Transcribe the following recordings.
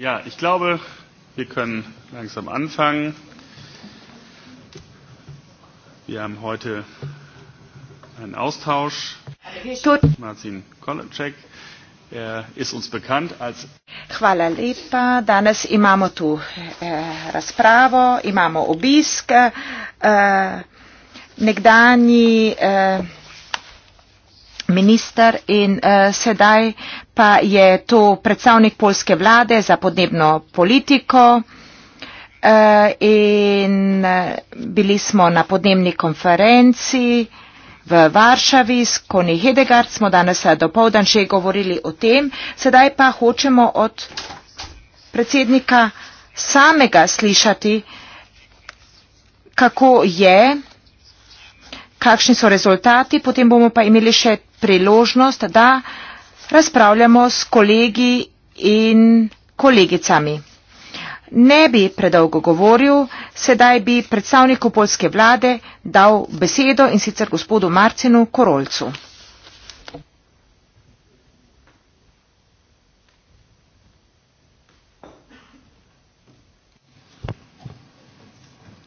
Ja, ich glaube, wir können langsam anfangen. Wir haben heute einen Austausch. Martin Kolacek. Er ist uns bekannt als Hvala lepa. Danes imamo tu eh, razpravo, imamo obisk. Eh, nekdani eh, minister in uh, sedaj pa je to predstavnik polske vlade za podnebno politiko uh, in uh, bili smo na podnebni konferenci v Varšavi s Koni Hedegard, smo danes do povdan še govorili o tem, sedaj pa hočemo od predsednika samega slišati, kako je kakšni so rezultati, potem bomo pa imeli še priložnost, da razpravljamo s kolegi in kolegicami. Ne bi predolgo govoril, sedaj bi predstavniku polske vlade dal besedo in sicer gospodu Marcinu Korolcu.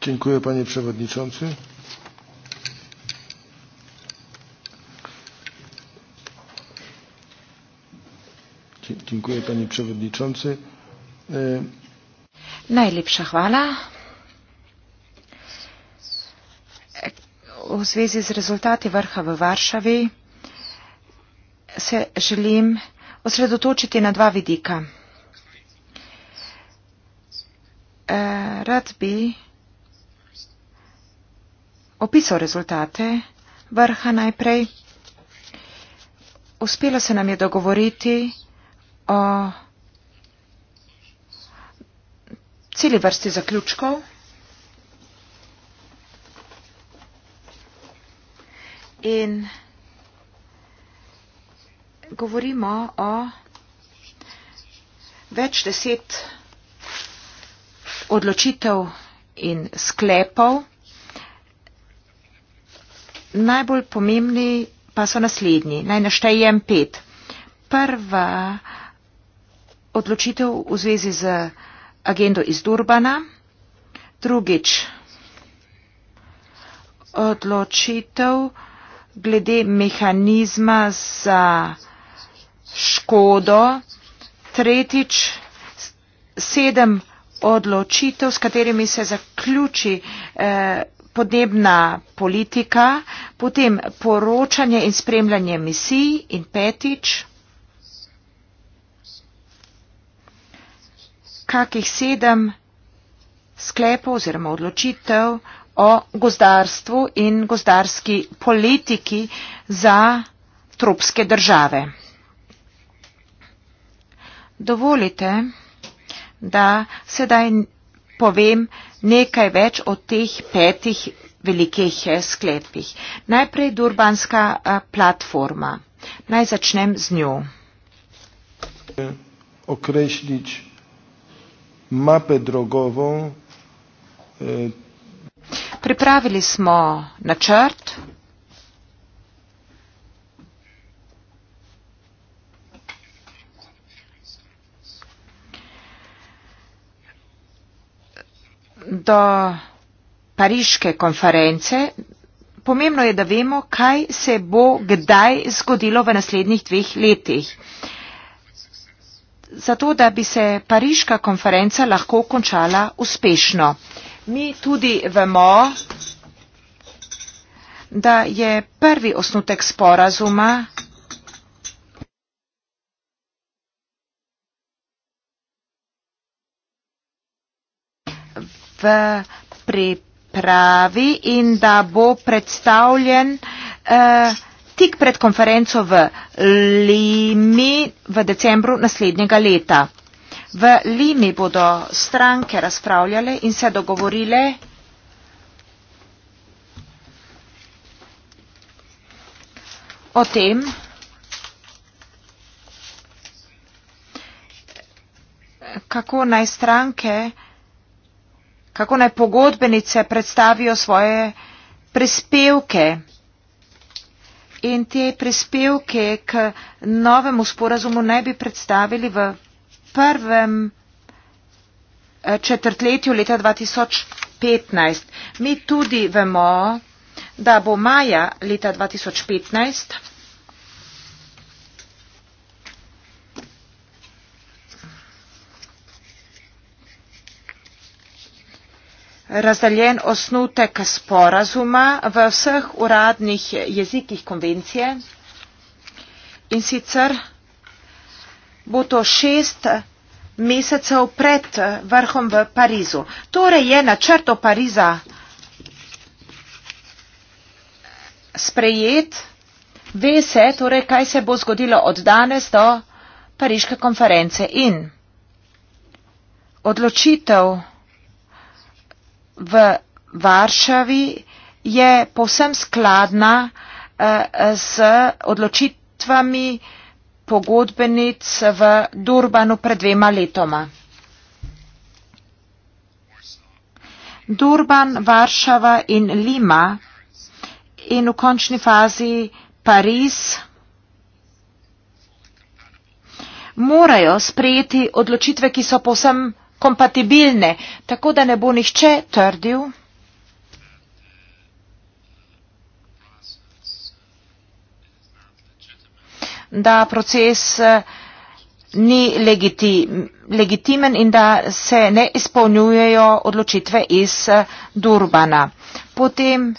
Dziękuję panie przewodniczący. Dziękuję Panie Przewodniczący. E, Najlepsza chwała. W związku z rezultaty Warcha w Warszawie se želim osredotočiti na dva vidika. E, rad bi opisal rezultate vrha najprej. Uspelo se nam je dogovoriti celi vrsti zaključkov. In govorimo o več deset odločitev in sklepov. Najbolj pomembni pa so naslednji. Naj naštejem pet. Prva odločitev v zvezi z agendo iz Durbana, drugič odločitev glede mehanizma za škodo, tretjič sedem odločitev, s katerimi se zaključi eh, podnebna politika, potem poročanje in spremljanje misij in petič kakih sedem sklepov oziroma odločitev o gozdarstvu in gozdarski politiki za tropske države. Dovolite, da sedaj povem nekaj več o teh petih velikih eh, sklepih. Najprej Durbanska eh, platforma. Naj začnem z njo. Okrešnič mape drogovo. E, Pripravili smo načrt. Do pariške konference pomembno je, da vemo, kaj se bo kdaj zgodilo v naslednjih dveh letih. Uh, zato, da bi se pariška konferenca lahko končala uspešno. Mi tudi vemo, da je prvi osnutek sporazuma v pripravi in da bo predstavljen eh, tik pred konferenco v Limi v decembru naslednjega leta. V Limi bodo stranke razpravljale in se dogovorile o tem, kako naj stranke, kako naj pogodbenice predstavijo svoje prispevke in te prispevke k novemu sporazumu naj bi predstavili v prvem eh, četrtletju leta 2015. Mi tudi vemo, da bo maja leta 2015 razdeljen osnutek sporazuma v vseh uradnih jezikih konvencije in sicer bo to šest mesecev pred vrhom v Parizu. Torej je načrto Pariza sprejet, ve se, torej, kaj se bo zgodilo od danes do pariške konference in odločitev v Varšavi je povsem skladna eh, z odločitvami pogodbenic v Durbanu pred dvema letoma. Durban, Varšava in Lima in v končni fazi Pariz morajo sprejeti odločitve, ki so povsem skladne kompatibilne, tako da ne bo nihče trdil, da proces eh, ni legitimen in da se ne izpolnjujejo odločitve iz eh, Durbana. Potem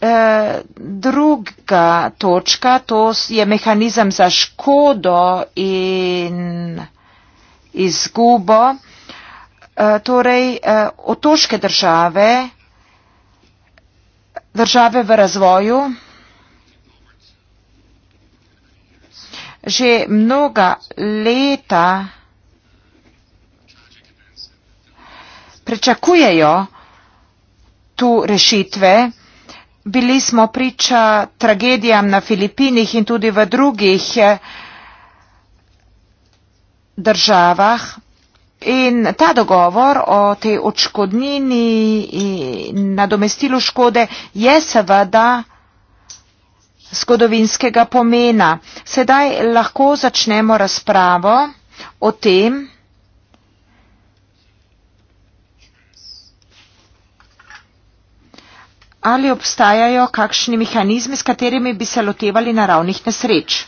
eh, druga točka, to je mehanizem za škodo in izgubo. Eh, torej eh, otoške države, države v razvoju, že mnoga leta pričakujejo tu rešitve. Bili smo priča tragedijam na Filipinih in tudi v drugih eh, državah, In ta dogovor o tej očkodnini in nadomestilu škode je seveda zgodovinskega pomena. Sedaj lahko začnemo razpravo o tem, ali obstajajo kakšni mehanizmi, s katerimi bi se lotevali naravnih nesreč.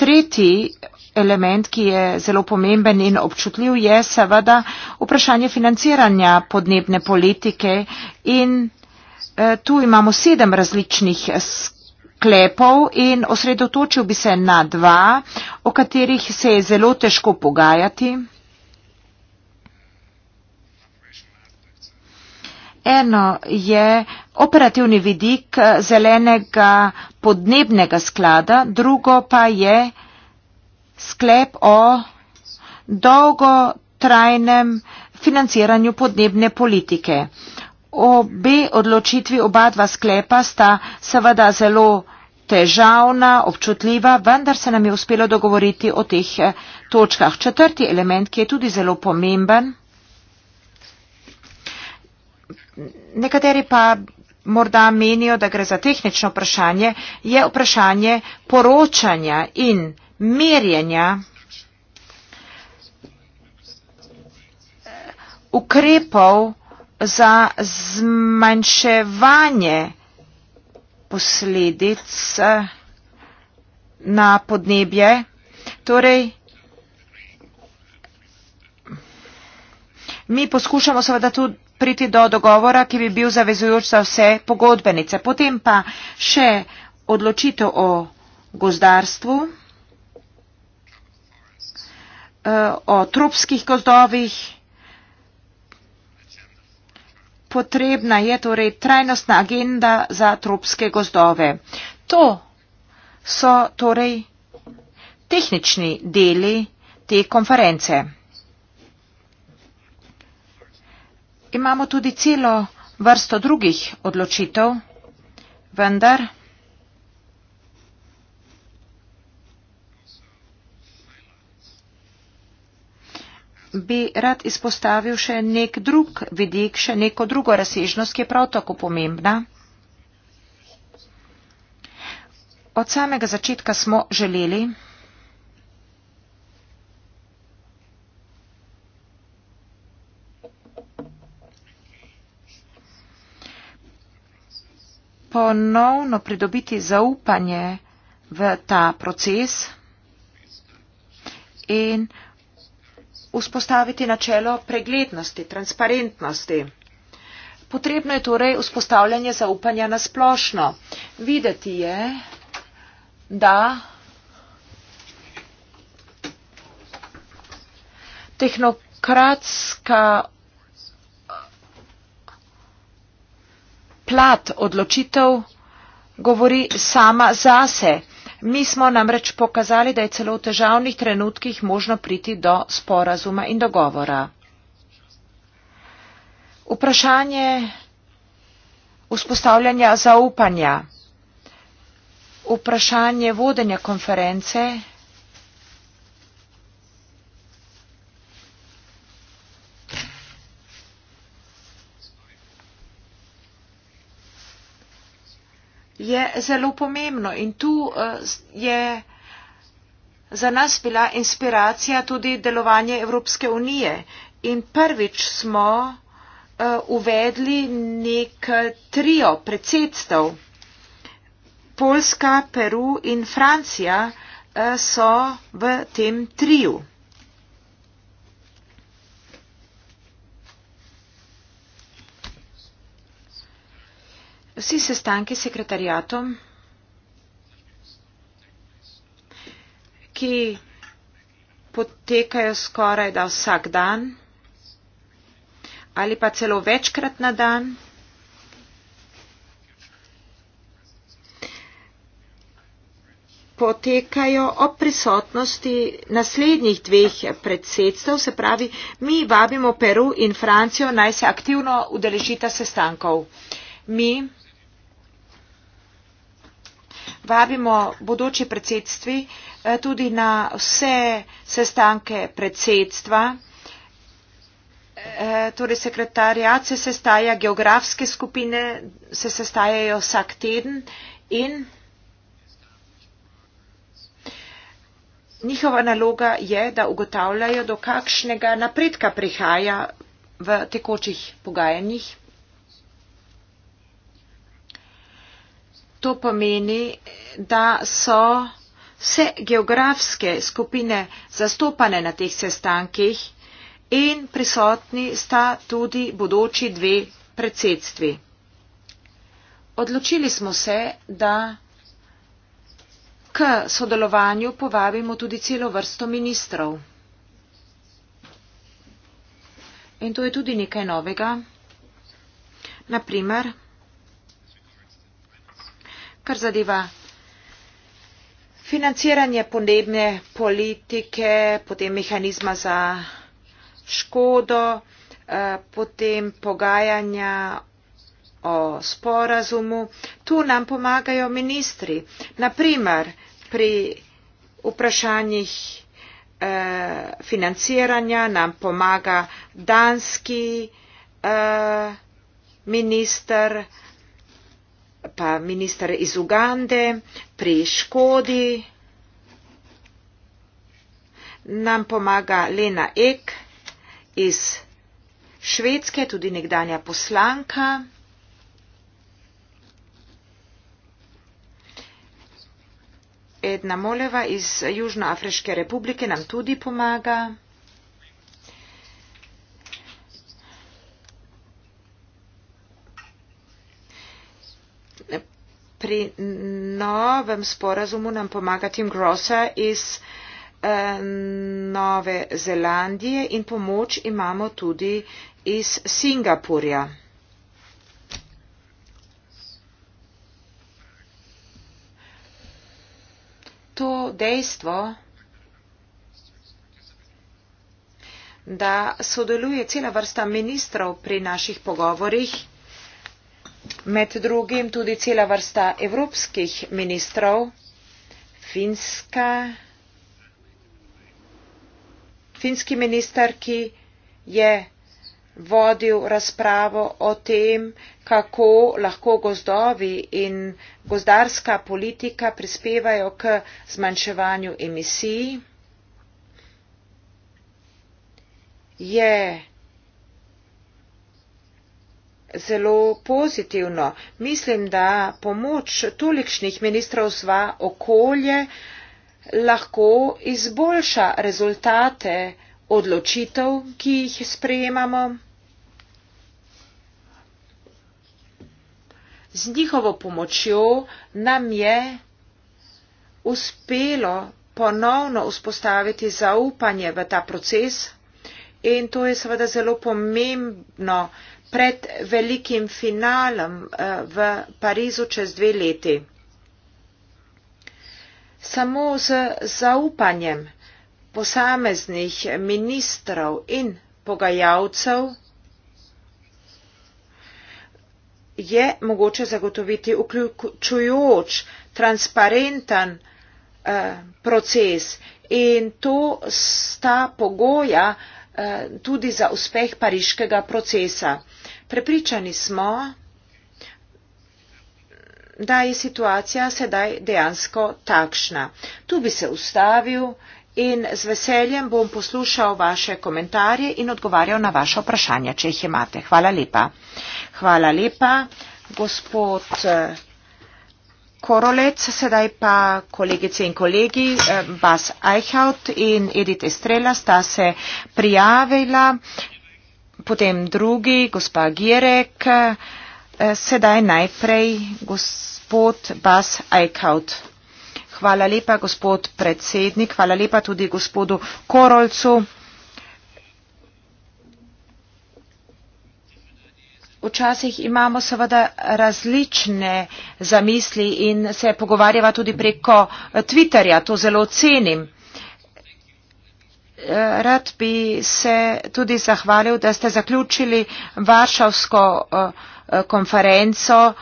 Tretji element ki je zelo pomemben in občutljiv je seveda vprašanje financiranja podnebne politike in eh, tu imamo sedem različnih sklepov in osredotočil bi se na dva, o katerih se je zelo težko pogajati. Eno je operativni vidik eh, zelenega podnebnega sklada, drugo pa je sklep o dolgotrajnem financiranju podnebne politike. Obe odločitvi, oba dva sklepa sta seveda zelo težavna, občutljiva, vendar se nam je uspelo dogovoriti o teh eh, točkah. Četrti element, ki je tudi zelo pomemben, nekateri pa morda menijo, da gre za tehnično vprašanje, je vprašanje poročanja in merjenja ukrepov za zmanjševanje posledic na podnebje. Torej, mi poskušamo seveda tudi priti do dogovora, ki bi bil zavezujoč za vse pogodbenice. Potem pa še odločitev o gozdarstvu o tropskih gozdovih. Potrebna je torej trajnostna agenda za tropske gozdove. To so torej tehnični deli te konference. Imamo tudi celo vrsto drugih odločitev, vendar. bi rad izpostavil še nek drug vidik, še neko drugo razsežnost, ki je prav tako pomembna. Od samega začetka smo želeli, ponovno pridobiti zaupanje v ta proces in vzpostaviti načelo preglednosti, transparentnosti. Potrebno je torej vzpostavljanje zaupanja na splošno. Videti je, da tehnokratska plat odločitev govori sama zase. Mi smo namreč pokazali, da je celo v težavnih trenutkih možno priti do sporazuma in dogovora. Vprašanje vzpostavljanja zaupanja, vprašanje vodenja konference je zelo pomembno in tu eh, je za nas bila inspiracija tudi delovanje Evropske unije. In prvič smo eh, uvedli nek trio predsedstv. Polska, Peru in Francija eh, so v tem triju. Vsi sestanki sekretarjatom, ki potekajo skoraj da vsak dan ali pa celo večkrat na dan, potekajo ob prisotnosti naslednjih dveh predsedstv, se pravi, mi vabimo Peru in Francijo naj se aktivno udeležita sestankov. Mi vabimo bodoči predsedstvi eh, tudi na vse sestanke predsedstva. Eh, torej sekretarjat se sestaja, geografske skupine se sestajajo vsak teden in njihova naloga je, da ugotavljajo, do kakšnega napredka prihaja v tekočih pogajanjih. To pomeni, da so vse geografske skupine zastopane na teh sestankih in prisotni sta tudi bodoči dve predsedstvi. Odločili smo se, da k sodelovanju povabimo tudi celo vrsto ministrov. In to je tudi nekaj novega. Naprimer, kar zadeva financiranje podnebne politike, potem mehanizma za škodo, eh, potem pogajanja o sporazumu. Tu nam pomagajo ministri. Naprimer, pri vprašanjih eh, financiranja nam pomaga danski eh, minister eh, pa minister iz Ugande pri Škodi, nam pomaga Lena Ek iz Švedske, tudi nekdanja poslanka. Edna Moleva iz Južnoafriške republike nam tudi pomaga. pri novem sporazumu nam pomaga Tim Grossa iz eh, Nove Zelandije in pomoč imamo tudi iz Singapurja. To dejstvo, da sodeluje cela vrsta ministrov pri naših pogovorih, med drugim tudi cela vrsta evropskih ministrov, finska, finski minister, ki je vodil razpravo o tem, kako lahko gozdovi in gozdarska politika prispevajo k zmanjševanju emisij, je zelo pozitivno. Mislim, da pomoč tolikšnih ministrov sva okolje lahko izboljša rezultate odločitev, ki jih sprejemamo. Z njihovo pomočjo nam je uspelo ponovno vzpostaviti zaupanje v ta proces in to je seveda zelo pomembno, pred velikim finalom eh, v Parizu čez dve leti. Samo z zaupanjem posameznih ministrov in pogajalcev je mogoče zagotoviti vključujoč, transparenten eh, proces in to sta pogoja eh, tudi za uspeh pariškega procesa. Prepričani smo, da je situacija sedaj dejansko takšna. Tu bi se ustavil in z veseljem bom poslušal vaše komentarje in odgovarjal na vaše vprašanja, če jih imate. Hvala lepa. Hvala lepa, gospod. Eh, Korolec, sedaj pa kolegice in kolegi, eh, Bas Eichhout in Edith Estrela sta se prijavila Potem drugi, gospa Gierek, eh, sedaj najprej gospod Bas Eichhout. Hvala lepa, gospod predsednik, hvala lepa tudi gospodu Korolcu. Včasih imamo seveda različne zamisli in se pogovarjava tudi preko Twitterja, to zelo cenim rad bi se tudi zahvalil, da ste zaključili Varšavsko eh, eh, konferenco.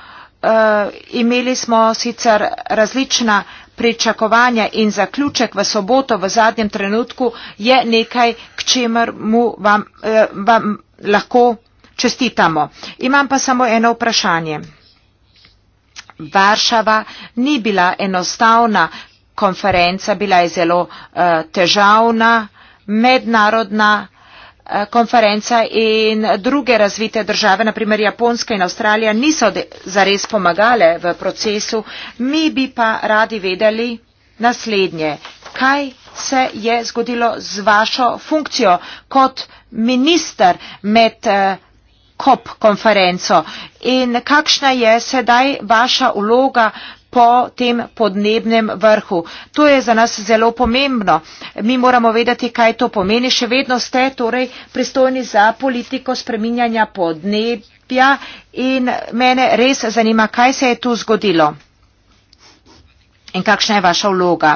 Eh, imeli smo sicer različna pričakovanja in zaključek v soboto v zadnjem trenutku je nekaj, k čemer mu vam, vam lahko čestitamo. Imam pa samo eno vprašanje. Varšava ni bila enostavna konferenca, bila je zelo uh, težavna. Uh, mednarodna eh, konferenca in druge razvite države, naprimer Japonska in Avstralija, niso zares pomagale v procesu. Mi bi pa radi vedeli naslednje. Kaj se je zgodilo z vašo funkcijo kot minister med eh, COP konferenco in kakšna je sedaj vaša uloga po tem podnebnem vrhu. To je za nas zelo pomembno. Mi moramo vedeti, kaj to pomeni. Še vedno ste torej pristojni za politiko spreminjanja podnebja in mene res zanima, kaj se je tu zgodilo in kakšna je vaša vloga.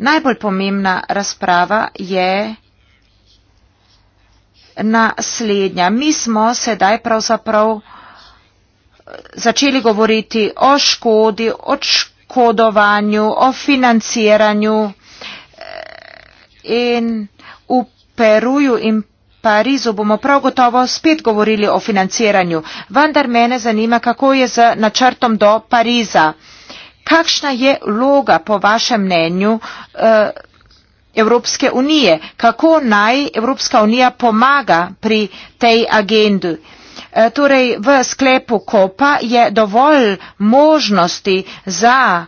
Najbolj pomembna razprava je naslednja. Mi smo sedaj pravzaprav začeli govoriti o škodi, o škodovanju, o financiranju eh, in v Peruju in Parizu bomo prav gotovo spet govorili o financiranju. Vendar mene zanima, kako je z načrtom do Pariza. Kakšna je vloga, po vašem mnenju, eh, Evropske unije? Kako naj Evropska unija pomaga pri tej agendi? Eh, torej v sklepu kopa je dovolj možnosti za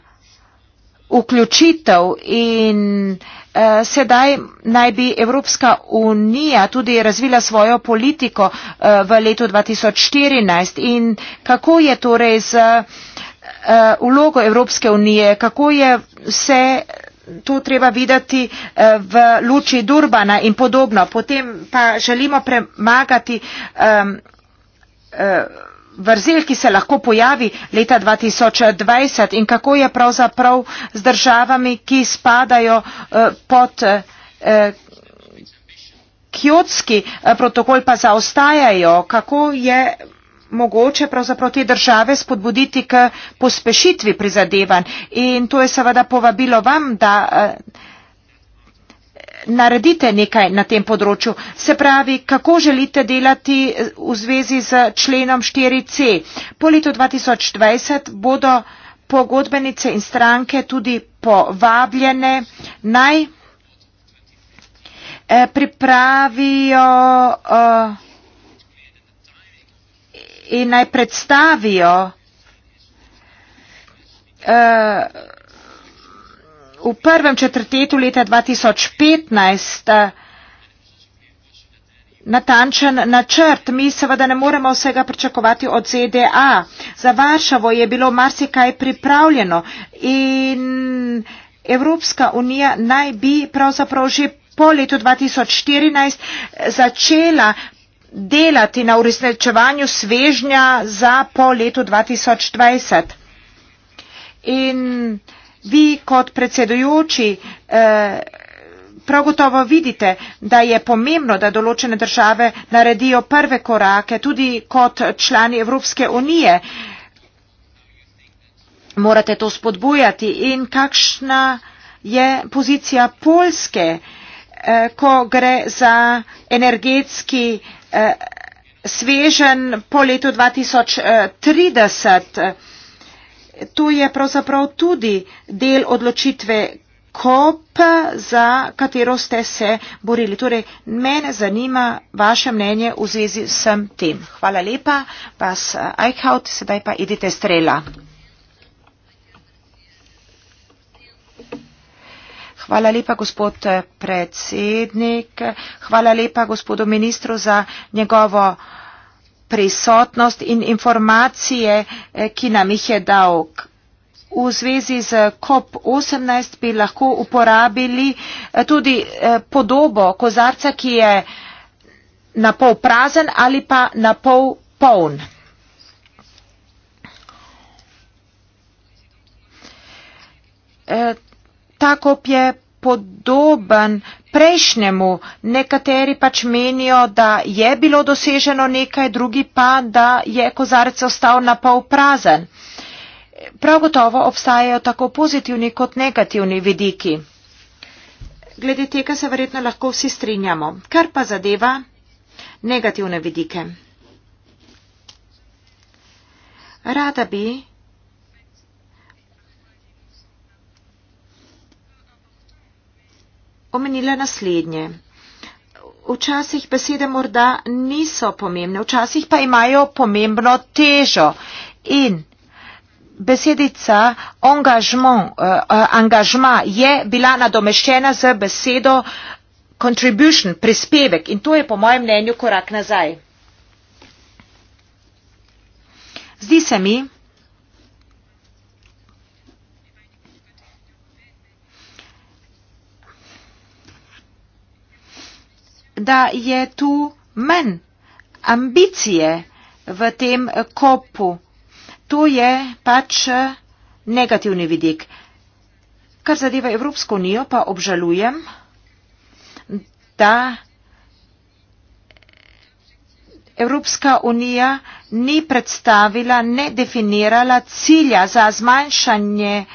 vključitev in eh, sedaj naj bi Evropska unija tudi razvila svojo politiko eh, v letu 2014 in kako je torej z eh, vlogo Evropske unije, kako je vse to treba videti eh, v luči Durbana in podobno. Potem pa želimo premagati eh, Eh, vrzel, ki se lahko pojavi leta 2020 in kako je pravzaprav z državami, ki spadajo eh, pod eh, kjotski protokol, pa zaostajajo, kako je mogoče pravzaprav te države spodbuditi k pospešitvi prizadevanj. In to je seveda povabilo vam, da naredite nekaj na tem področju. Se pravi, kako želite delati eh, v zvezi z členom 4C? Po letu 2020 bodo pogodbenice in stranke tudi povabljene naj eh, pripravijo eh, in naj predstavijo v prvem četrtetu leta 2015 eh, natančen načrt. Mi seveda ne moremo vsega pričakovati od ZDA. Za Varšavo je bilo marsikaj pripravljeno in Evropska unija naj bi pravzaprav že po letu 2014 začela delati na uresničevanju svežnja za po letu 2020. In Vi kot predsedujoči eh, prav gotovo vidite, da je pomembno, da določene države naredijo prve korake, tudi kot člani Evropske unije morate to spodbujati in kakšna je pozicija Poljske, eh, ko gre za energetski eh, svežen po letu 2030 to je pravzaprav tudi del odločitve COP, za katero ste se borili. Torej, mene zanima vaše mnenje v zvezi s tem. Hvala lepa, vas eh, Eichhout, sedaj pa idite strela. Hvala lepa, gospod eh, predsednik. Hvala lepa, gospodu ministru, za njegovo prisotnost in informacije, eh, ki nam jih je dal. V zvezi z COP18 bi lahko uporabili eh, tudi eh, podobo kozarca, ki je na pol prazen ali pa na pol poln. Ta COP je podoben prejšnjemu. Nekateri pač menijo, da je bilo doseženo nekaj, drugi pa, da je kozarec ostal na pol prazen. Prav gotovo obstajajo tako pozitivni kot negativni vidiki. Glede tega se verjetno lahko vsi strinjamo. Kar pa zadeva negativne vidike. Rada bi, omenila naslednje. Včasih besede morda niso pomembne, včasih pa imajo pomembno težo. In besedica eh, eh, angažma je bila nadomeščena z besedo contribution, prispevek. In to je po mojem mnenju korak nazaj. Zdi se mi, da je tu manj ambicije v tem kopu. To je pač eh, negativni vidik. Kar zadeva Evropsko unijo, pa obžalujem, da Evropska unija ni predstavila, ne definirala cilja za zmanjšanje uh,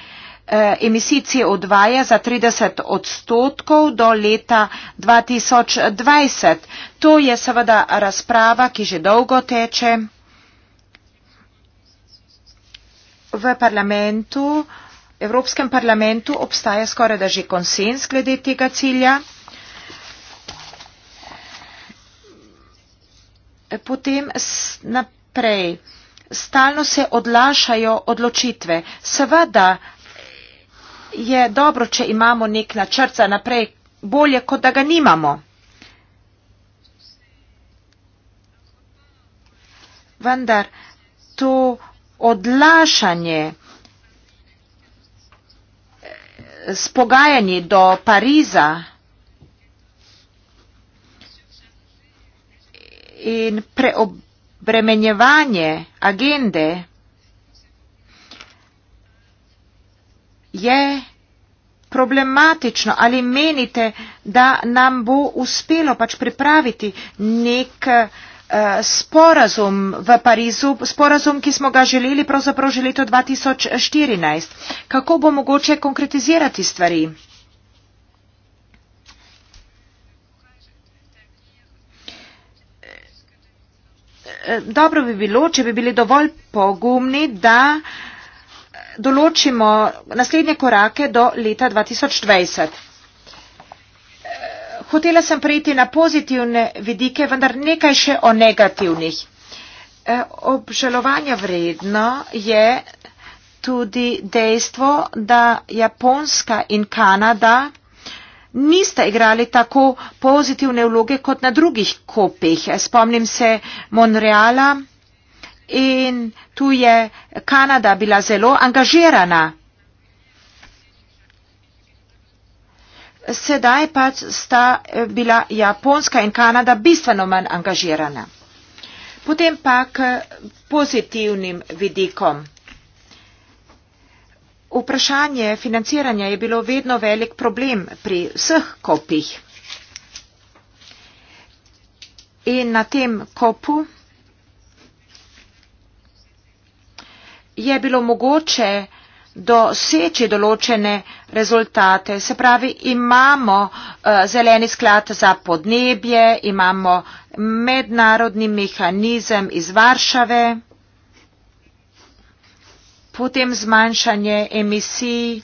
Eh, emisij CO2 za 30 odstotkov do leta 2020. To je seveda razprava, ki že dolgo teče v parlamentu. Evropskem parlamentu obstaja skoraj da že konsens glede tega cilja. Potem naprej. Stalno se odlašajo odločitve. Seveda je dobro, če imamo nek načrt za naprej, bolje, kot da ga nimamo. Vendar to odlašanje eh, s pogajanji do Pariza in preobremenjevanje agende, je problematično ali menite, da nam bo uspelo pač pripraviti nek eh, sporazum v Parizu, sporazum, ki smo ga želeli pravzaprav že leto 2014. Kako bo mogoče konkretizirati stvari? Eh, dobro bi bilo, če bi bili dovolj pogumni, da določimo naslednje korake do leta 2020. Hotela sem prejti na pozitivne vidike, vendar nekaj še o negativnih. Eh, obžalovanja vredno je tudi dejstvo, da Japonska in Kanada nista igrali tako pozitivne vloge kot na drugih kopih. Spomnim se Monreala in tu je Kanada bila zelo angažirana. Sedaj pa sta eh, bila Japonska in Kanada bistveno manj angažirana. Potem pa k pozitivnim vidikom. Vprašanje financiranja je bilo vedno velik problem pri vseh kopih. In na tem kopu je bilo mogoče doseči določene rezultate. Se pravi, imamo eh, zeleni sklad za podnebje, imamo mednarodni mehanizem iz Varšave, potem zmanjšanje emisij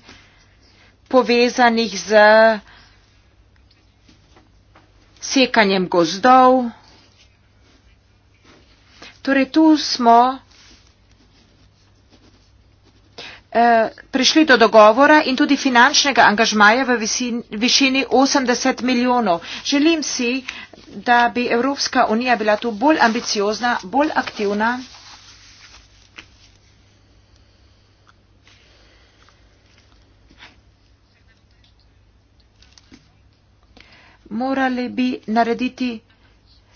povezanih z sekanjem gozdov. Torej tu smo Eh, prišli do dogovora in tudi finančnega angažmaja v višini 80 milijonov. Želim si, da bi Evropska unija bila tu bolj ambiciozna, bolj aktivna. Morali bi narediti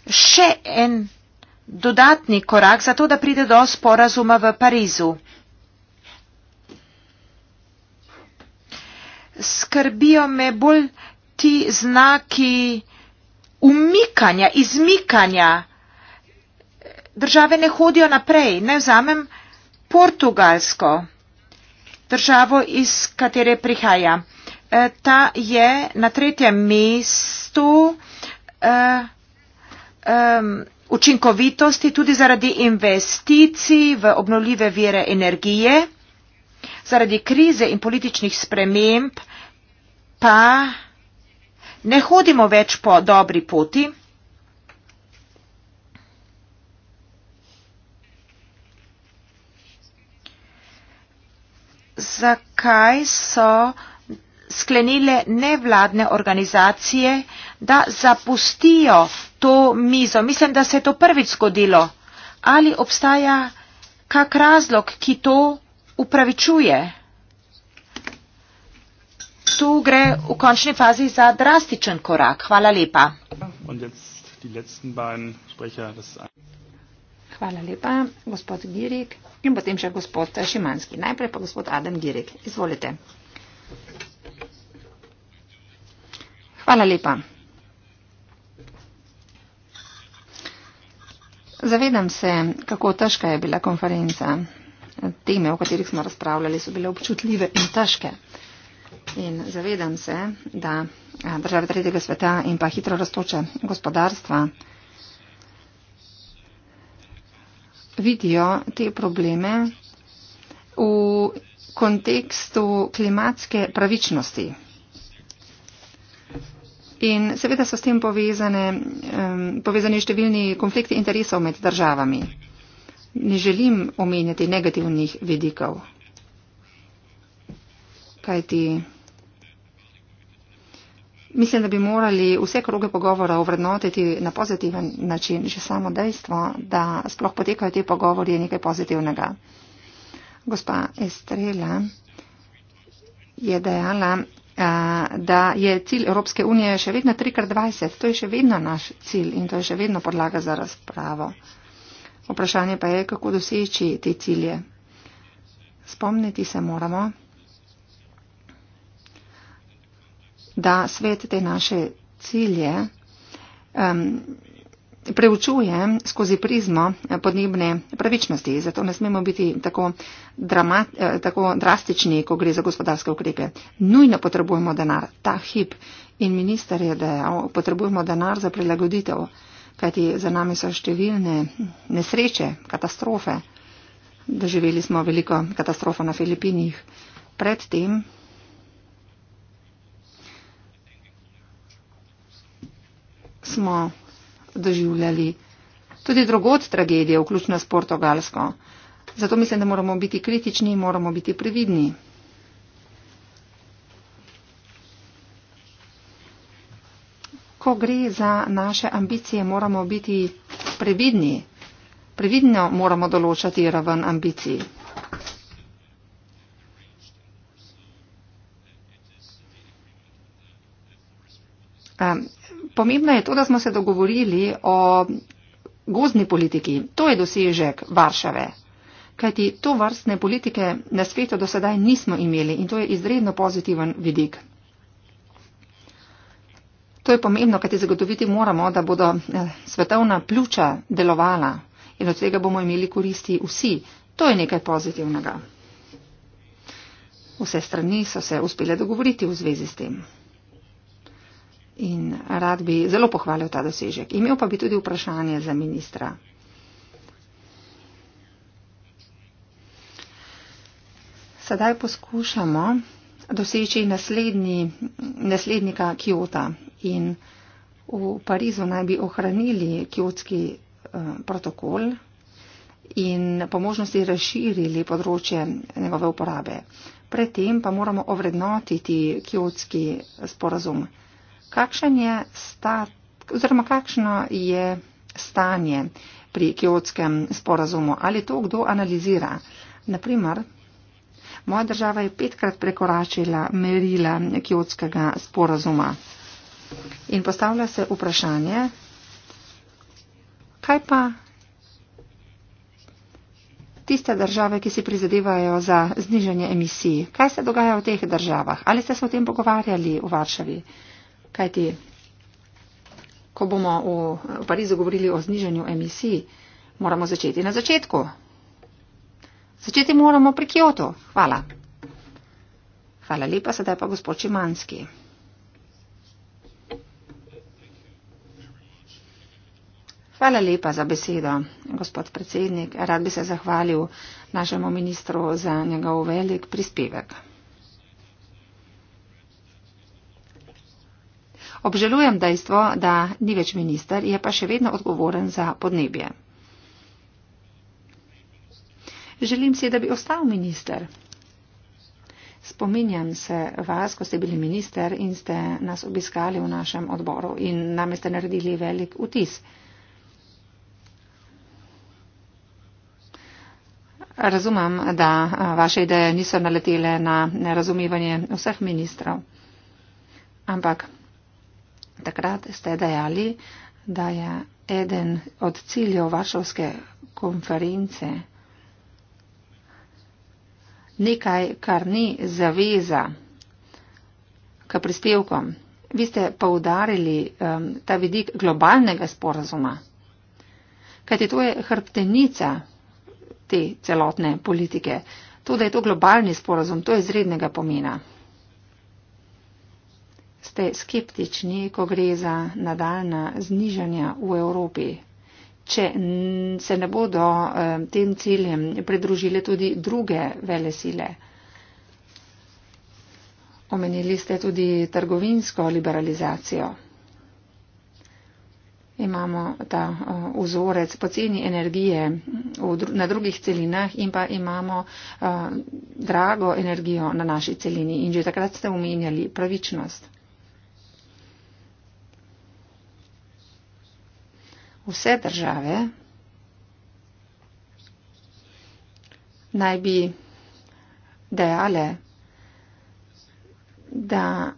še en dodatni korak za to, da pride do sporazuma v Parizu. skrbijo me bolj ti znaki umikanja, izmikanja. Države ne hodijo naprej, ne vzamem Portugalsko, državo, iz katere prihaja. E, ta je na tretjem mestu e, e, učinkovitosti tudi zaradi investicij v obnovljive vire energije. Zaradi krize in političnih sprememb pa ne hodimo več po dobri poti. Zakaj so sklenile nevladne organizacije, da zapustijo to mizo? Mislim, da se je to prvič zgodilo. Ali obstaja kak razlog, ki to upravičuje. Tu gre v končni fazi za drastičen korak. Hvala lepa. Hvala lepa, gospod Girik in potem še gospod Šimanski. Najprej pa gospod Adam Girik. Izvolite. Hvala lepa. Zavedam se, kako težka je bila konferenca teme, o katerih smo razpravljali, so bile občutljive in težke. In zavedam se, da eh, države tretjega sveta in pa hitro raztoče gospodarstva vidijo te probleme v kontekstu klimatske pravičnosti. In seveda so s tem povezane, um, povezani številni konflikti interesov med državami ne želim omenjati negativnih vidikov. Kaj ti? Mislim, da bi morali vse kroge pogovora ovrednotiti na pozitiven način. Že samo dejstvo, da sploh potekajo te pogovori, je nekaj pozitivnega. Gospa Estrela je dejala, da je cilj Evropske unije še vedno 3x20. To je še vedno naš cilj in to je še vedno podlaga za razpravo. Vprašanje pa je, kako doseči te cilje. Spomniti se moramo, da svet te naše cilje um, preučuje skozi prizmo podnebne pravičnosti. Zato ne smemo biti tako, dramat, eh, tako drastični, ko gre za gospodarske ukrepe. Nujno potrebujemo denar, ta hip. In minister je dejal, potrebujemo denar za prilagoditev kajti za nami so številne nesreče, katastrofe. Doživeli smo veliko katastrofo na Filipinih. Predtem smo doživljali tudi drugot tragedije, vključno s Portugalsko. Zato mislim, da moramo biti kritični in moramo biti previdni. ko gre za naše ambicije, moramo biti previdni. Previdno moramo določati raven ambicij. Pomembno je to, da smo se dogovorili o gozdni politiki. To je dosežek Varšave. Kajti to vrstne politike na svetu do sedaj nismo imeli in to je izredno pozitiven vidik. To je pomembno, kajti zagotoviti moramo, da bodo eh, svetovna pljuča delovala in od tega bomo imeli koristi vsi. To je nekaj pozitivnega. Vse strani so se uspele dogovoriti v zvezi s tem. In rad bi zelo pohvalil ta dosežek. Imel pa bi tudi vprašanje za ministra. Sedaj poskušamo doseči naslednji, naslednika Kyoto in v Parizu naj bi ohranili kjotski eh, protokol in po možnosti razširili področje njegove uporabe. Predtem pa moramo ovrednotiti kjotski sporazum. Kakšen je stat, oziroma kakšno je stanje pri kjotskem sporazumu? Ali to kdo analizira? Naprimer, moja država je petkrat prekoračila merila kjotskega sporazuma. In postavlja se vprašanje, kaj pa tiste države, ki si prizadevajo za znižanje emisij, kaj se dogaja v teh državah? Ali ste se o tem pogovarjali v Varšavi? Kajti, ko bomo v Parizu govorili o znižanju emisij, moramo začeti na začetku. Začeti moramo pri Kyoto. Hvala. Hvala lepa, sedaj pa gospod Čimanski. Hvala lepa za besedo, gospod predsednik. Rad bi se zahvalil našemu ministru za njegov velik prispevek. Obžalujem dejstvo, da ni več minister, je pa še vedno odgovoren za podnebje. Želim si, da bi ostal minister. Spominjam se vas, ko ste bili minister in ste nas obiskali v našem odboru in nam ste naredili velik vtis. Razumem, da vaše ideje niso naletele na nerazumevanje vseh ministrov, ampak takrat ste dejali, da je eden od ciljev vašovske konference nekaj, kar ni zaveza k prispevkom. Vi ste pa udarili um, ta vidik globalnega sporazuma, kajti to je hrbtenica te celotne politike. To, da je to globalni sporazum, to je izrednega pomena. Ste skeptični, ko gre za nadaljna znižanja v Evropi? Če se ne bodo eh, tem ciljem pridružile tudi druge vele sile? Omenili ste tudi trgovinsko liberalizacijo imamo ta vzorec poceni energije na drugih celinah in pa imamo drago energijo na naši celini. In že takrat ste omenjali pravičnost. Vse države naj bi dejale, da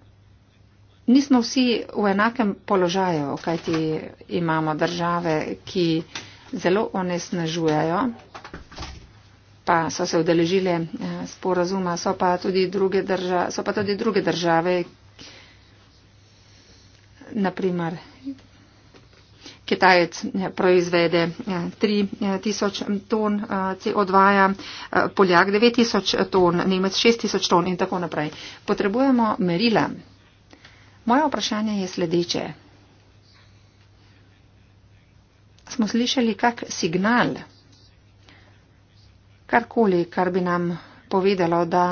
nismo vsi v enakem položaju, kajti imamo države, ki zelo onesnažujejo, pa so se udeležile eh, sporazuma, so pa tudi druge, drža, so pa tudi druge države, naprimer. Kitajec eh, proizvede 3000 eh, ton CO2, Poljak 9000 ton, Nemec 6000 ton in tako naprej. Potrebujemo merila. Moje vprašanje je sledeče. Smo slišali kak signal, karkoli, kar bi nam povedalo, da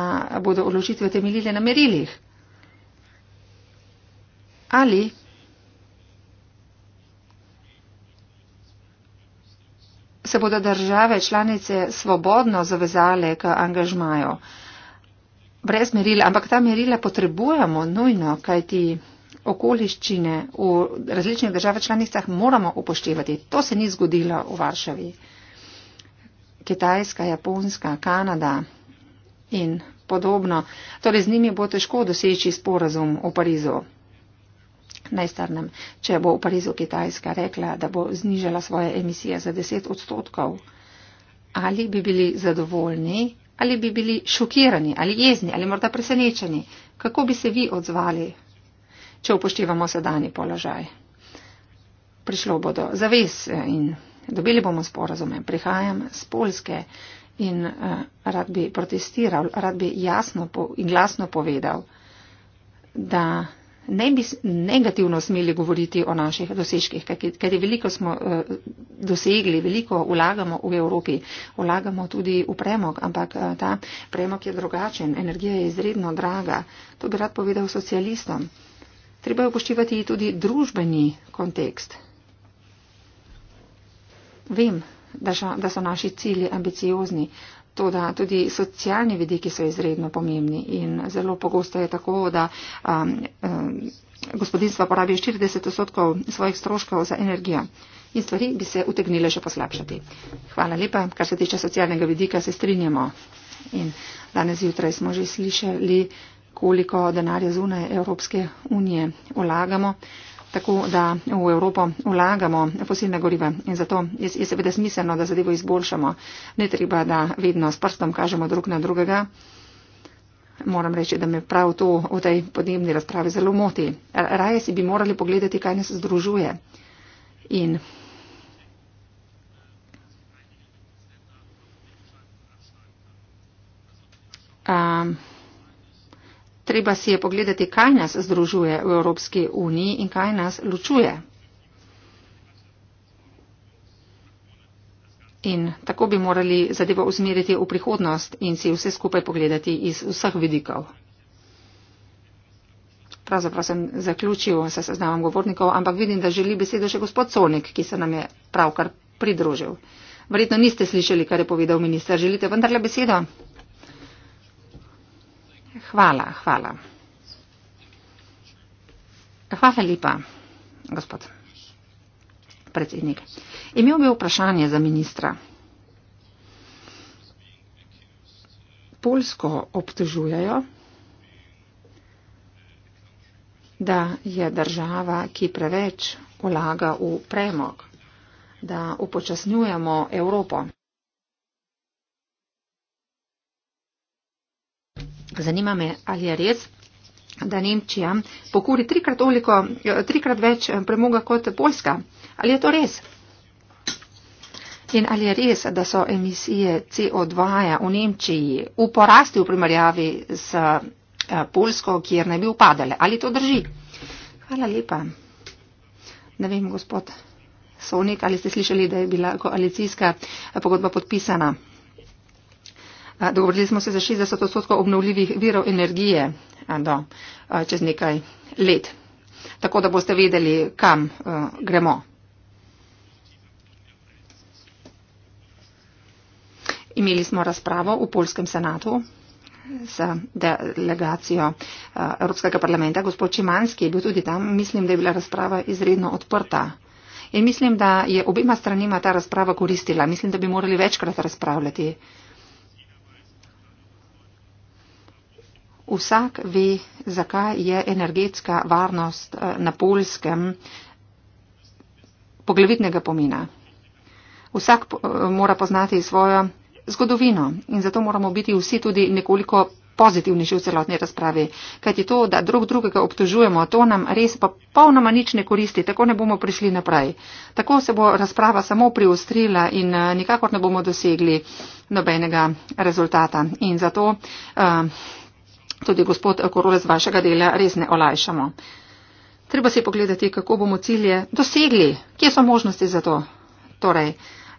bodo uložitve temeljile na merilih. Ali se bodo države članice svobodno zavezale k angažmaju? brez merila, ampak ta merila potrebujemo nujno, kajti okoliščine v različnih državah članicah moramo upoštevati. To se ni zgodilo v Varšavi. Kitajska, Japonska, Kanada in podobno. Torej z njimi bo težko doseči sporazum v Parizu. Najstarnem, če bo v Parizu Kitajska rekla, da bo znižala svoje emisije za 10 odstotkov, ali bi bili zadovoljni ali bi bili šokirani, ali jezni, ali morda presenečeni, kako bi se vi odzvali, če upoštevamo sedanji položaj. Prišlo bodo zaves in dobili bomo sporazume. Prihajam z Polske in uh, rad bi protestiral, rad bi jasno po, in glasno povedal, da ne bi negativno smeli govoriti o naših dosežkih, ker je veliko smo eh, dosegli, veliko vlagamo v Evropi, vlagamo tudi v premog, ampak eh, ta premog je drugačen, energija je izredno draga. To bi rad povedal socialistom. Treba je upoštevati tudi družbeni kontekst. Vem, da so naši cilji ambiciozni, To, da tudi socialni vidiki so izredno pomembni in zelo pogosto je tako, da um, um, gospodinstva porabijo 40 odstotkov svojih stroškov za energijo in stvari bi se utegnile še poslabšati. Hvala lepa, kar se tiče socialnega vidika, se strinjamo. In danes zjutraj smo že slišali, koliko denarja zunaj Evropske unije vlagamo tako da v Evropo vlagamo fosilne gorive. In zato je, je seveda smiselno, da zadevo izboljšamo. Ne treba, da vedno s prstom kažemo drug na drugega. Moram reči, da me prav to v tej podnebni razpravi zelo moti. Raje si bi morali pogledati, kaj nas združuje. In um, treba si je pogledati, kaj nas združuje v Evropski uniji in kaj nas ločuje. In tako bi morali zadevo usmeriti v prihodnost in si vse skupaj pogledati iz vseh vidikov. Pravzaprav sem zaključil se seznamom govornikov, ampak vidim, da želi besedo še gospod Sonik, ki se nam je pravkar pridružil. Verjetno niste slišali, kar je povedal minister. Želite vendarle besedo? Hvala, hvala. Hvala lepa, gospod predsednik. Imel bi vprašanje za ministra. Polsko obtožujejo, da je država, ki preveč vlaga v premog, da upočasnjujemo Evropo. Zanima me, ali je res, da Nemčija pokuri trikrat, toliko, trikrat več eh, premoga kot Poljska. Ali je to res? In ali je res, da so emisije CO2 -ja v Nemčiji v porasti v primerjavi s eh, Poljsko, kjer ne bi upadale? Ali to drži? Hvala lepa. Ne vem, gospod Sonik, ali ste slišali, da je bila koalicijska eh, pogodba podpisana. Dovorili smo se za 60 odstotkov obnovljivih virov energije do čez nekaj let. Tako da boste vedeli, kam gremo. Imeli smo razpravo v Polskem senatu s delegacijo Evropskega parlamenta. Gospod Čimanski je bil tudi tam. Mislim, da je bila razprava izredno odprta. In mislim, da je obima stranima ta razprava koristila. Mislim, da bi morali večkrat razpravljati. Vsak ve, zakaj je energetska varnost eh, na polskem poglavitnega pomena. Vsak eh, mora poznati svojo zgodovino in zato moramo biti vsi tudi nekoliko pozitivnejši v celotni razpravi. Kajti to, da drug drugega obtožujemo, to nam res pa polnoma nič ne koristi, tako ne bomo prišli naprej. Tako se bo razprava samo priostrila in eh, nikakor ne bomo dosegli nobenega rezultata. In zato uh, tudi gospod Korole z vašega dela res ne olajšamo. Treba si pogledati, kako bomo cilje dosegli, kje so možnosti za to. Torej,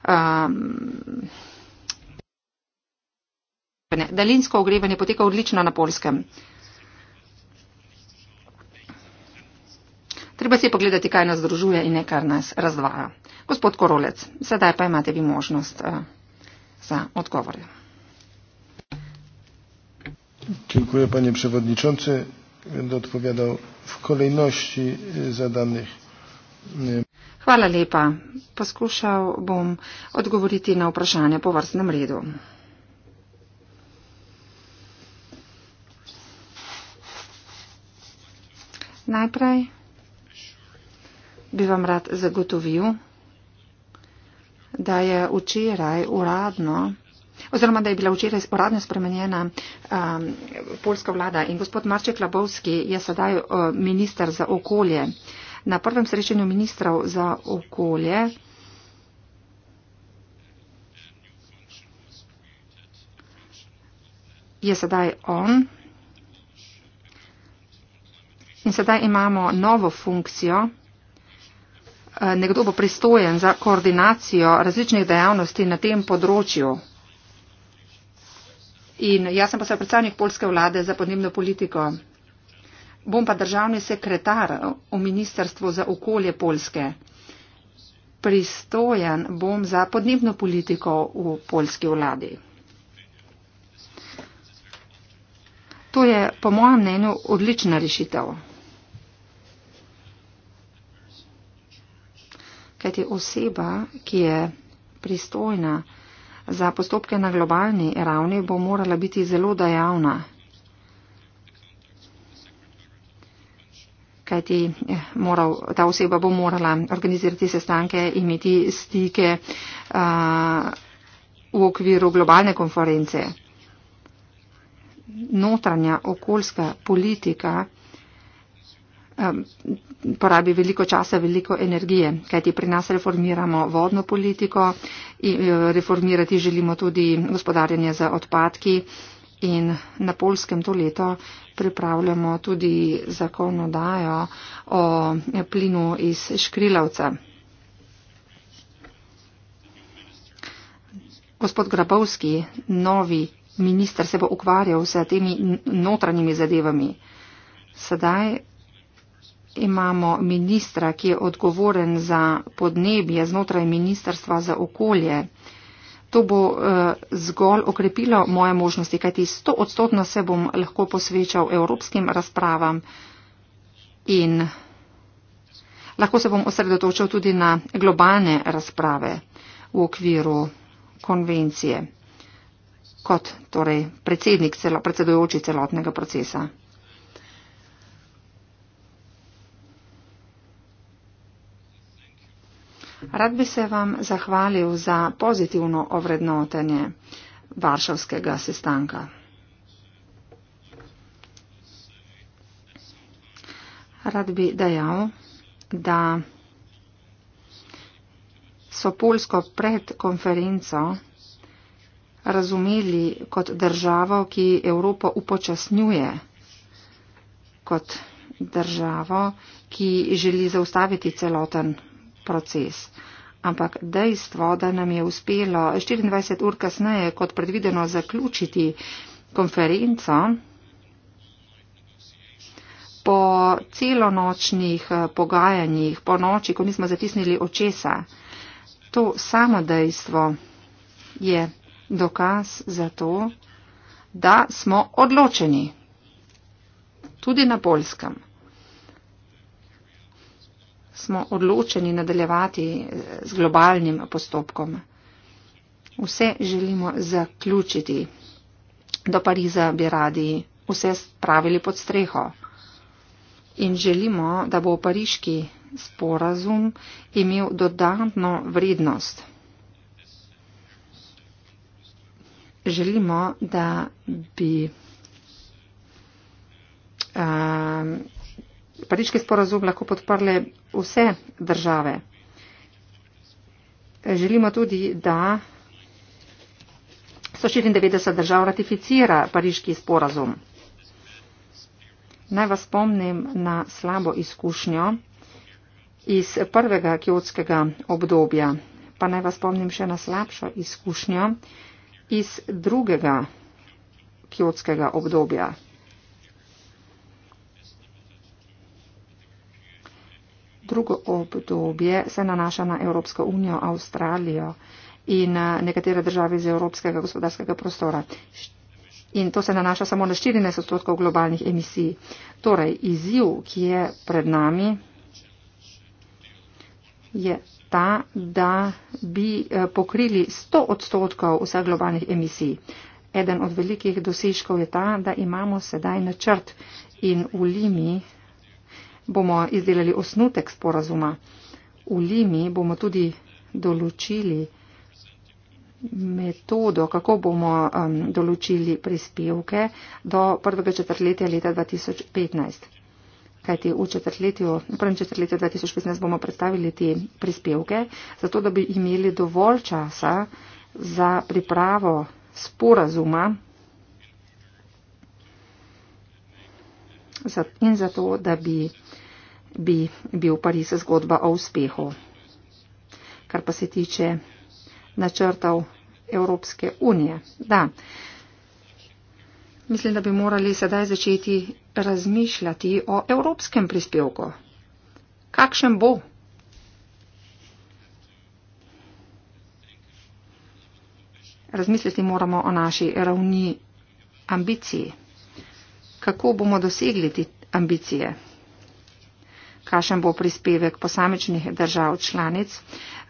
um, daljinsko ogrevanje poteka odlično na polskem. Treba si pogledati, kaj nas združuje in ne kar nas razdvaja. Gospod Korolec, sedaj pa imate vi možnost uh, za odgovore. Dziękuję panie przewodniczący. Będę odpowiadał w kolejności zadanych. Hvala lepa. Poskušal bom odgovoriti na vprašanje po vrstnem redu. Najprej bi vam rad zagotovil, da je včeraj uradno oziroma da je bila včeraj sporadno spremenjena um, polska vlada. In gospod Marček Labovski je sedaj uh, minister za okolje. Na prvem srečanju ministrov za okolje je sedaj on. In sedaj imamo novo funkcijo. Uh, nekdo bo pristojen za koordinacijo različnih dejavnosti na tem področju. In jaz sem pa se predstavnik polske vlade za podnebno politiko. Bom pa državni sekretar v Ministrstvu za okolje Polske. Pristojen bom za podnebno politiko v polski vladi. To je po mojem mnenju odlična rešitev. Kajti oseba, ki je pristojna za postopke na globalni ravni bo morala biti zelo dejavna. kajti eh, moral, ta oseba bo morala organizirati sestanke, imeti stike a, v okviru globalne konference. Notranja okoljska politika a, porabi veliko časa, veliko energije, kajti pri nas reformiramo vodno politiko in e, reformirati želimo tudi gospodarjenje z odpadki in na polskem to leto pripravljamo tudi zakonodajo o plinu iz škrilavca. Gospod Grabovski, novi minister, se bo ukvarjal s temi notranjimi zadevami. Sedaj imamo ministra, ki je odgovoren za podnebje znotraj ministrstva za okolje. To bo uh, zgolj okrepilo moje možnosti, kajti 100 odstotno se bom lahko posvečal evropskim razpravam in lahko se bom osredotočil tudi na globalne razprave v okviru konvencije kot torej predsednik, celo, predsedujoči celotnega procesa. Rad bi se vam zahvalil za pozitivno ovrednotenje varšavskega sestanka. Rad bi dejal, da so Polsko pred konferenco razumeli kot državo, ki Evropo upočasnjuje, kot državo, ki želi zaustaviti celoten proces. Ampak dejstvo, da nam je uspelo 24 ur kasneje kot predvideno zaključiti konferenco po celonočnih eh, pogajanjih, po noči, ko nismo zatisnili očesa, to samo dejstvo je dokaz za to, da smo odločeni. Tudi na polskem smo odločeni nadaljevati z globalnim postopkom. Vse želimo zaključiti. Do Pariza bi radi vse spravili pod streho. In želimo, da bo pariški sporazum imel dodatno vrednost. Želimo, da bi. Um, pariški sporazum lahko podprle vse države. Želimo tudi, da 194 držav ratificira pariški sporazum. Naj vas spomnim na slabo izkušnjo iz prvega kjotskega obdobja, pa naj vas spomnim še na slabšo izkušnjo iz drugega kjotskega obdobja. drugo obdobje se nanaša na Evropsko unijo, Avstralijo in eh, nekatere države iz evropskega gospodarskega prostora. In to se nanaša samo na 14 odstotkov globalnih emisij. Torej, izziv, ki je pred nami, je ta, da bi eh, pokrili 100 odstotkov vseh globalnih emisij. Eden od velikih dosežkov je ta, da imamo sedaj načrt in v Limi bomo izdelali osnutek sporazuma. V Limi bomo tudi določili metodo, kako bomo um, določili prispevke do prvega četrtletja leta 2015. Kajti v, v prvem četrtletju 2015 bomo predstavili te prispevke, zato da bi imeli dovolj časa za pripravo sporazuma in zato, da bi bi bil Pariz zgodba o uspehu. Kar pa se tiče načrtov Evropske unije. Da, mislim, da bi morali sedaj začeti razmišljati o evropskem prispevku. Kakšen bo? Razmisliti moramo o naši ravni ambiciji. Kako bomo dosegli te ambicije? kakšen bo prispevek posamečnih držav članic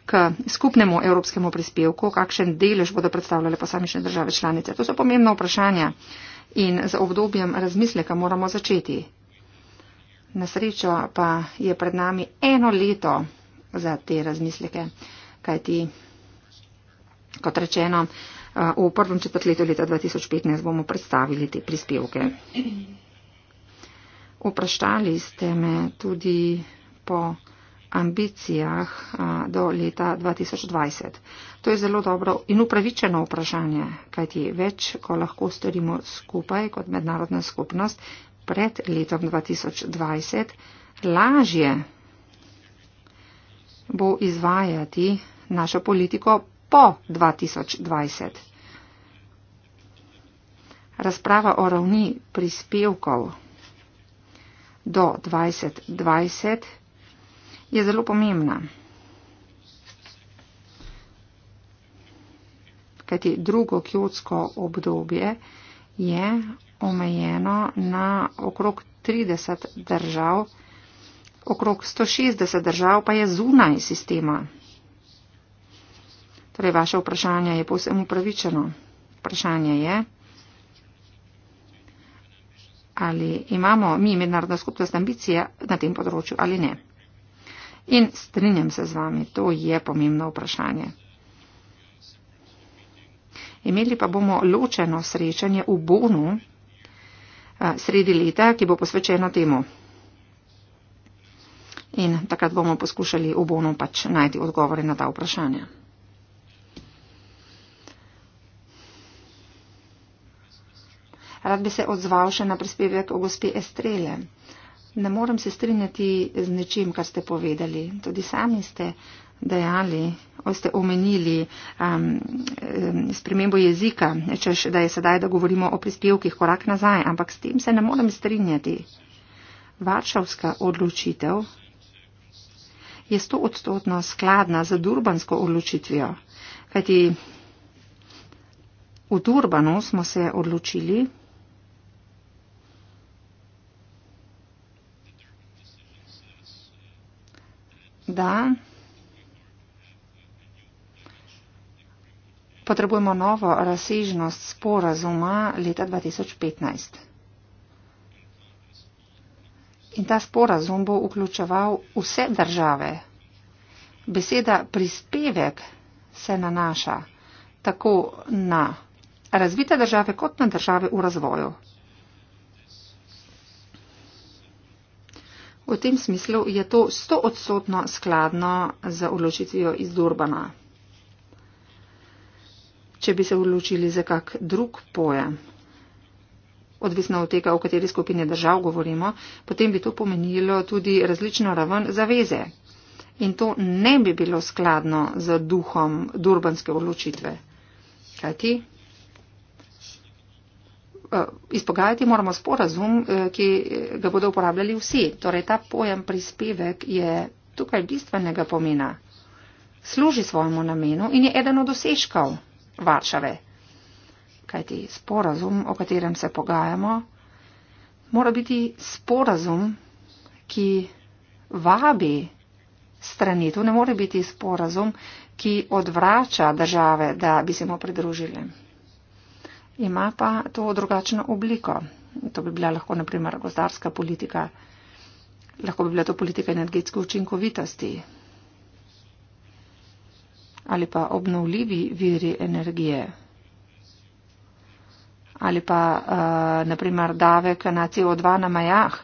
k skupnemu evropskemu prispevku, kakšen delež bodo predstavljale posamične države članice. To so pomembna vprašanja in z obdobjem razmisleka moramo začeti. Na srečo pa je pred nami eno leto za te razmisleke, kajti, kot rečeno, v prvem četrtletju leta 2015 bomo predstavili te prispevke. Vprašali ste me tudi po ambicijah do leta 2020. To je zelo dobro in upravičeno vprašanje, kajti več, ko lahko storimo skupaj kot mednarodna skupnost pred letom 2020, lažje bo izvajati našo politiko po 2020. Razprava o ravni prispevkov do 2020 je zelo pomembna. Kajti drugo kjotsko obdobje je omejeno na okrog 30 držav, okrog 160 držav pa je zunaj sistema. Torej, vaše vprašanje je povsem upravičeno. Vprašanje je, ali imamo mi mednarodna skupnost ambicije na tem področju ali ne. In strinjam se z vami, to je pomembno vprašanje. Imeli pa bomo ločeno srečanje v Bonu eh, sredi leta, ki bo posvečeno temu. In takrat bomo poskušali v Bonu pač najti odgovore na ta vprašanja. Rad bi se odzval še na prispevek o gospe Estrele. Ne morem se strinjati z nečim, kar ste povedali. Tudi sami ste dejali, ste omenili um, um, spremembo jezika, češ, da je sedaj, da govorimo o prispevkih korak nazaj, ampak s tem se ne morem strinjati. Varšavska odločitev je sto odstotno skladna z durbansko odločitvijo, kajti v Durbanu smo se odločili, da potrebujemo novo razsežnost sporazuma leta 2015. In ta sporazum bo vključeval vse države. Beseda prispevek se nanaša tako na razvite države kot na države v razvoju. V tem smislu je to stoodstotno skladno z uložitvijo iz Durbana. Če bi se odločili za kak drug pojem, odvisno od tega, o kateri skupini držav govorimo, potem bi to pomenilo tudi različno raven zaveze. In to ne bi bilo skladno z duhom durbanske odločitve. Kaj ti? Eh, izpogajati moramo sporazum, eh, ki ga bodo uporabljali vsi. Torej, ta pojem prispevek je tukaj bistvenega pomena. Služi svojemu namenu in je eden od dosežkov Varšave. Kajti sporazum, o katerem se pogajamo, mora biti sporazum, ki vabi strani. To ne more biti sporazum, ki odvrača države, da bi se mu pridružili ima pa to drugačno obliko. To bi bila lahko naprimer gozdarska politika, lahko bi bila to politika energetske učinkovitosti ali pa obnovljivi viri energije ali pa uh, eh, naprimer davek na CO2 na majah.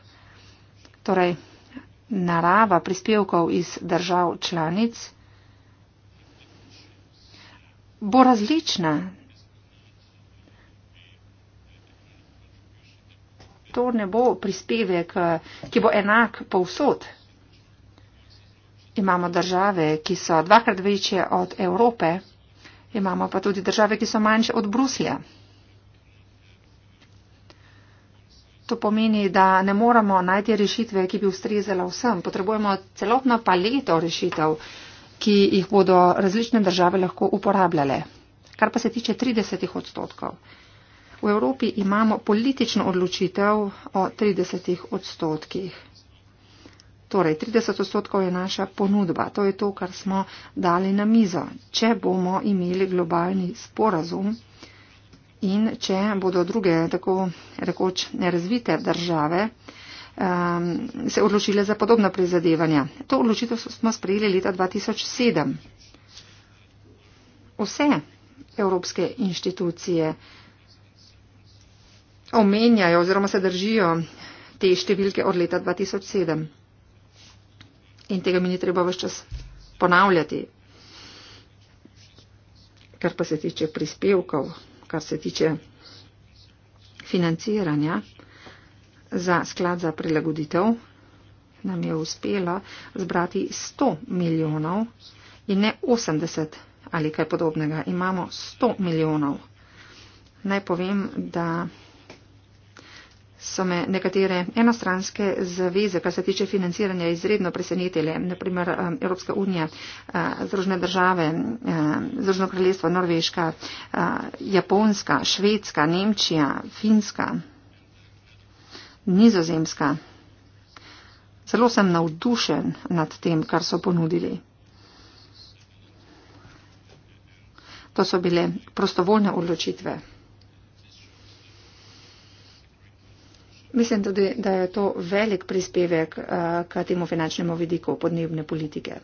Torej, narava prispevkov iz držav članic bo različna to ne bo prispevek, eh, ki bo enak povsod. Imamo države, ki so dvakrat večje od Evrope, imamo pa tudi države, ki so manjše od Bruslja. To pomeni, da ne moramo najti rešitve, ki bi ustrezala vsem. Potrebujemo celotno paleto rešitev, ki jih bodo različne države lahko uporabljale. Kar pa se tiče 30 odstotkov. V Evropi imamo politično odločitev o 30 odstotkih. Torej, 30 odstotkov je naša ponudba, to je to, kar smo dali na mizo. Če bomo imeli globalni sporazum in če bodo druge tako rekoč nerazvite države um, se odločile za podobna prizadevanja. To odločitev smo sprejeli leta 2007. Vse evropske inštitucije omenjajo oziroma se držijo te številke od leta 2007. In tega mi ni treba vse čas ponavljati. Kar pa se tiče prispevkov, kar se tiče financiranja za sklad za prilagoditev, nam je uspelo zbrati 100 milijonov in ne 80 ali kaj podobnega. Imamo 100 milijonov. Naj povem, da so me nekatere enostranske zaveze, kar se tiče financiranja, izredno presenetile. Naprimer um, Evropska unija, uh, Združene države, um, Združeno kraljestvo, Norveška, uh, Japonska, Švedska, Nemčija, Finska, Nizozemska. Zelo sem navdušen nad tem, kar so ponudili. To so bile prostovoljne odločitve. Mislim tudi, da je to velik prispevek eh, k temu finančnemu vidiku podnebne politike.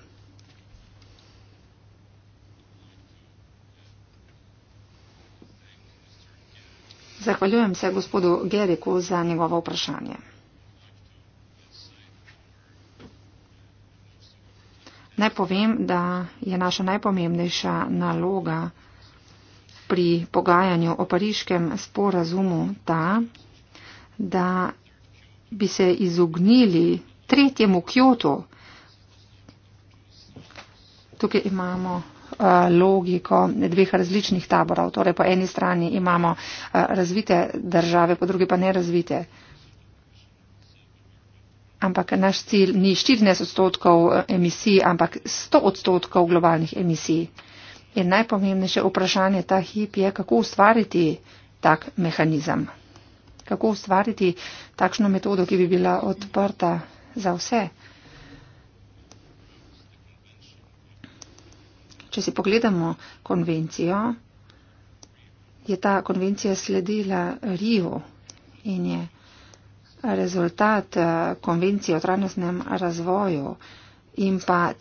Zahvaljujem se gospodu Geriku za njegovo vprašanje. Naj povem, da je naša najpomembnejša naloga pri pogajanju o pariškem sporazumu ta, da bi se izognili tretjemu kjotu. Tukaj imamo eh, logiko dveh različnih taborov. Torej, po eni strani imamo eh, razvite države, po drugi pa nerazvite. Ampak naš cilj ni 14 odstotkov eh, emisij, ampak 100 odstotkov globalnih emisij. In najpomembnejše vprašanje ta hip je, kako ustvariti tak mehanizem kako ustvariti takšno metodo, ki bi bila odprta za vse. Če si pogledamo konvencijo, je ta konvencija sledila Rio in je rezultat eh, konvencije o trajnostnem razvoju. In pa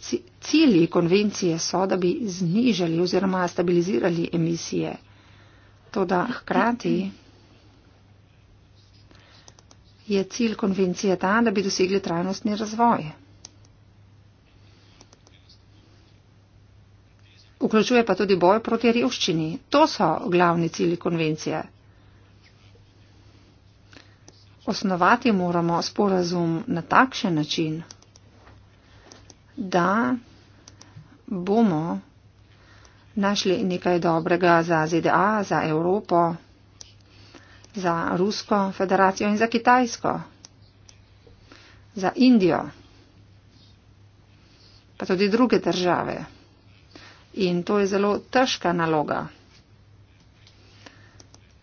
cilji konvencije so, da bi znižali oziroma stabilizirali emisije. To, da hkrati je cilj konvencije ta, da bi dosegli trajnostni razvoj. Vključuje pa tudi boj proti revščini. To so glavni cilji konvencije. Osnovati moramo sporazum na takšen način, da bomo našli nekaj dobrega za ZDA, za Evropo za Rusko federacijo in za Kitajsko, za Indijo, pa tudi druge države. In to je zelo težka naloga.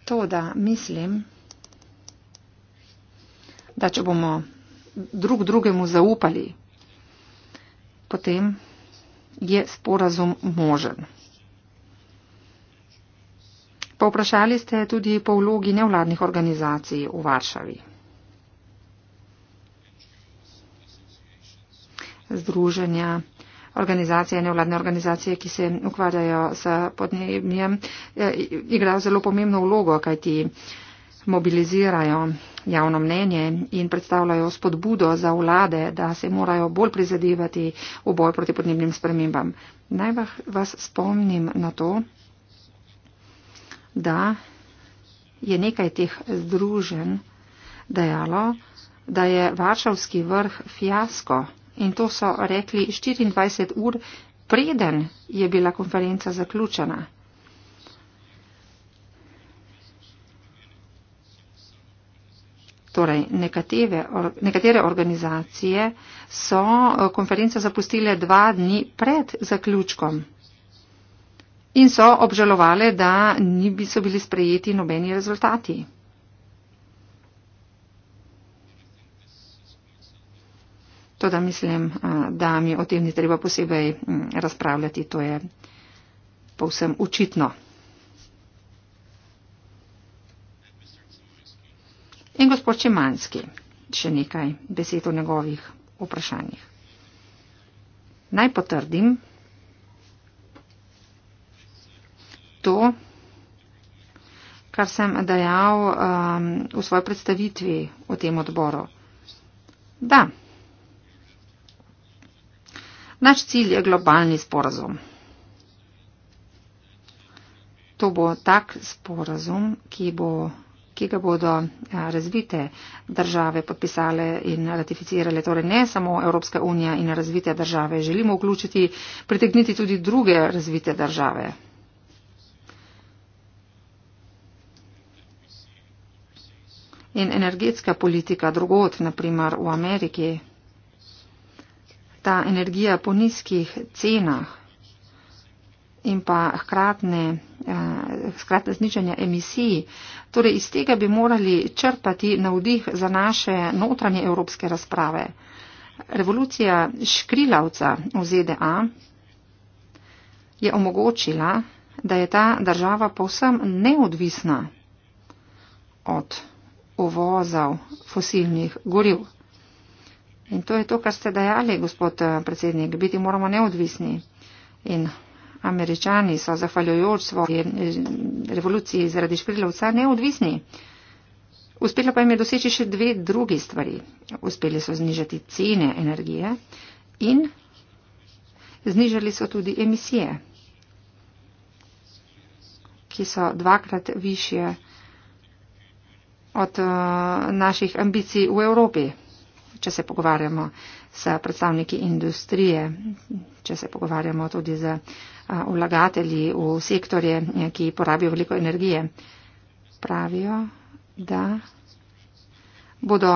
To, da mislim, da če bomo drug drugemu zaupali, potem je sporazum možen. Povprašali ste tudi po vlogi nevladnih organizacij v Varšavi. Združenja, organizacije, nevladne organizacije, ki se ukvarjajo s podnebjem, eh, igrajo zelo pomembno vlogo, kajti mobilizirajo javno mnenje in predstavljajo spodbudo za vlade, da se morajo bolj prizadevati v boj proti podnebnim spremembam. Naj vas spomnim na to, da je nekaj teh združen dejalo, da je varšavski vrh fiasko in to so rekli 24 ur, preden je bila konferenca zaključena. Torej, nekatere, or, nekatere organizacije so eh, konferenco zapustile dva dni pred zaključkom in so obžalovali, da niso bili sprejeti nobeni rezultati. To, da mislim, da mi o tem ni treba posebej razpravljati, to je povsem očitno. In gospod Čemanski, še nekaj besed o njegovih vprašanjih. Naj potrdim, to, kar sem dejal um, v svoji predstavitvi o tem odboru. Da. Naš cilj je globalni sporazum. To bo tak sporazum, ki, bo, ki ga bodo eh, razvite države podpisale in ratificirale. Torej ne samo Evropska unija in razvite države. Želimo vključiti, pritegniti tudi druge razvite države. in energetska politika drugot, naprimer v Ameriki, ta energija po nizkih cenah in pa hkratne, eh, hkratne znižanje emisij. Torej iz tega bi morali črpati navdih za naše notranje evropske razprave. Revolucija Škrilavca v ZDA je omogočila, da je ta država povsem neodvisna od uvozov fosilnih goriv. In to je to, kar ste dejali, gospod eh, predsednik, biti moramo neodvisni. In američani so zahvaljujoč svoji eh, revoluciji zaradi škrilovca neodvisni. Uspelo pa jim je doseči še dve drugi stvari. Uspeli so znižati cene energije in znižali so tudi emisije, ki so dvakrat više od eh, naših ambicij v Evropi, če se pogovarjamo s predstavniki industrije, če se pogovarjamo tudi z eh, vlagatelji v sektorje, eh, ki porabijo veliko energije. Pravijo, da bodo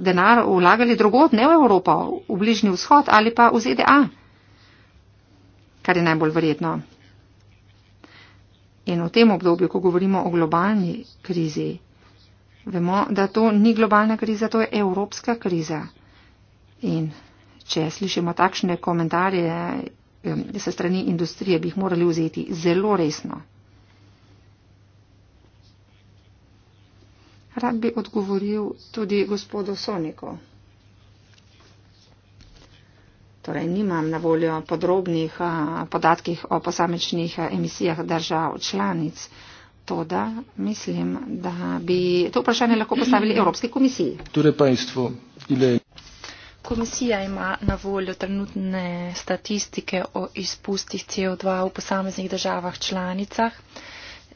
denar vlagali drugod, ne v Evropo, v Bližnji vzhod ali pa v ZDA, kar je najbolj verjetno. In v tem obdobju, ko govorimo o globalni krizi, vemo, da to ni globalna kriza, to je evropska kriza. In če slišimo takšne komentarje se strani industrije, bi jih morali vzeti zelo resno. Rad bi odgovoril tudi gospodu Soniko torej nimam na voljo podrobnih eh, podatkih o posamečnih eh, emisijah držav članic. Toda mislim, da bi to vprašanje lahko postavili Evropski komisiji. Torej, Komisija ima na voljo trenutne statistike o izpustih CO2 v posameznih državah članicah,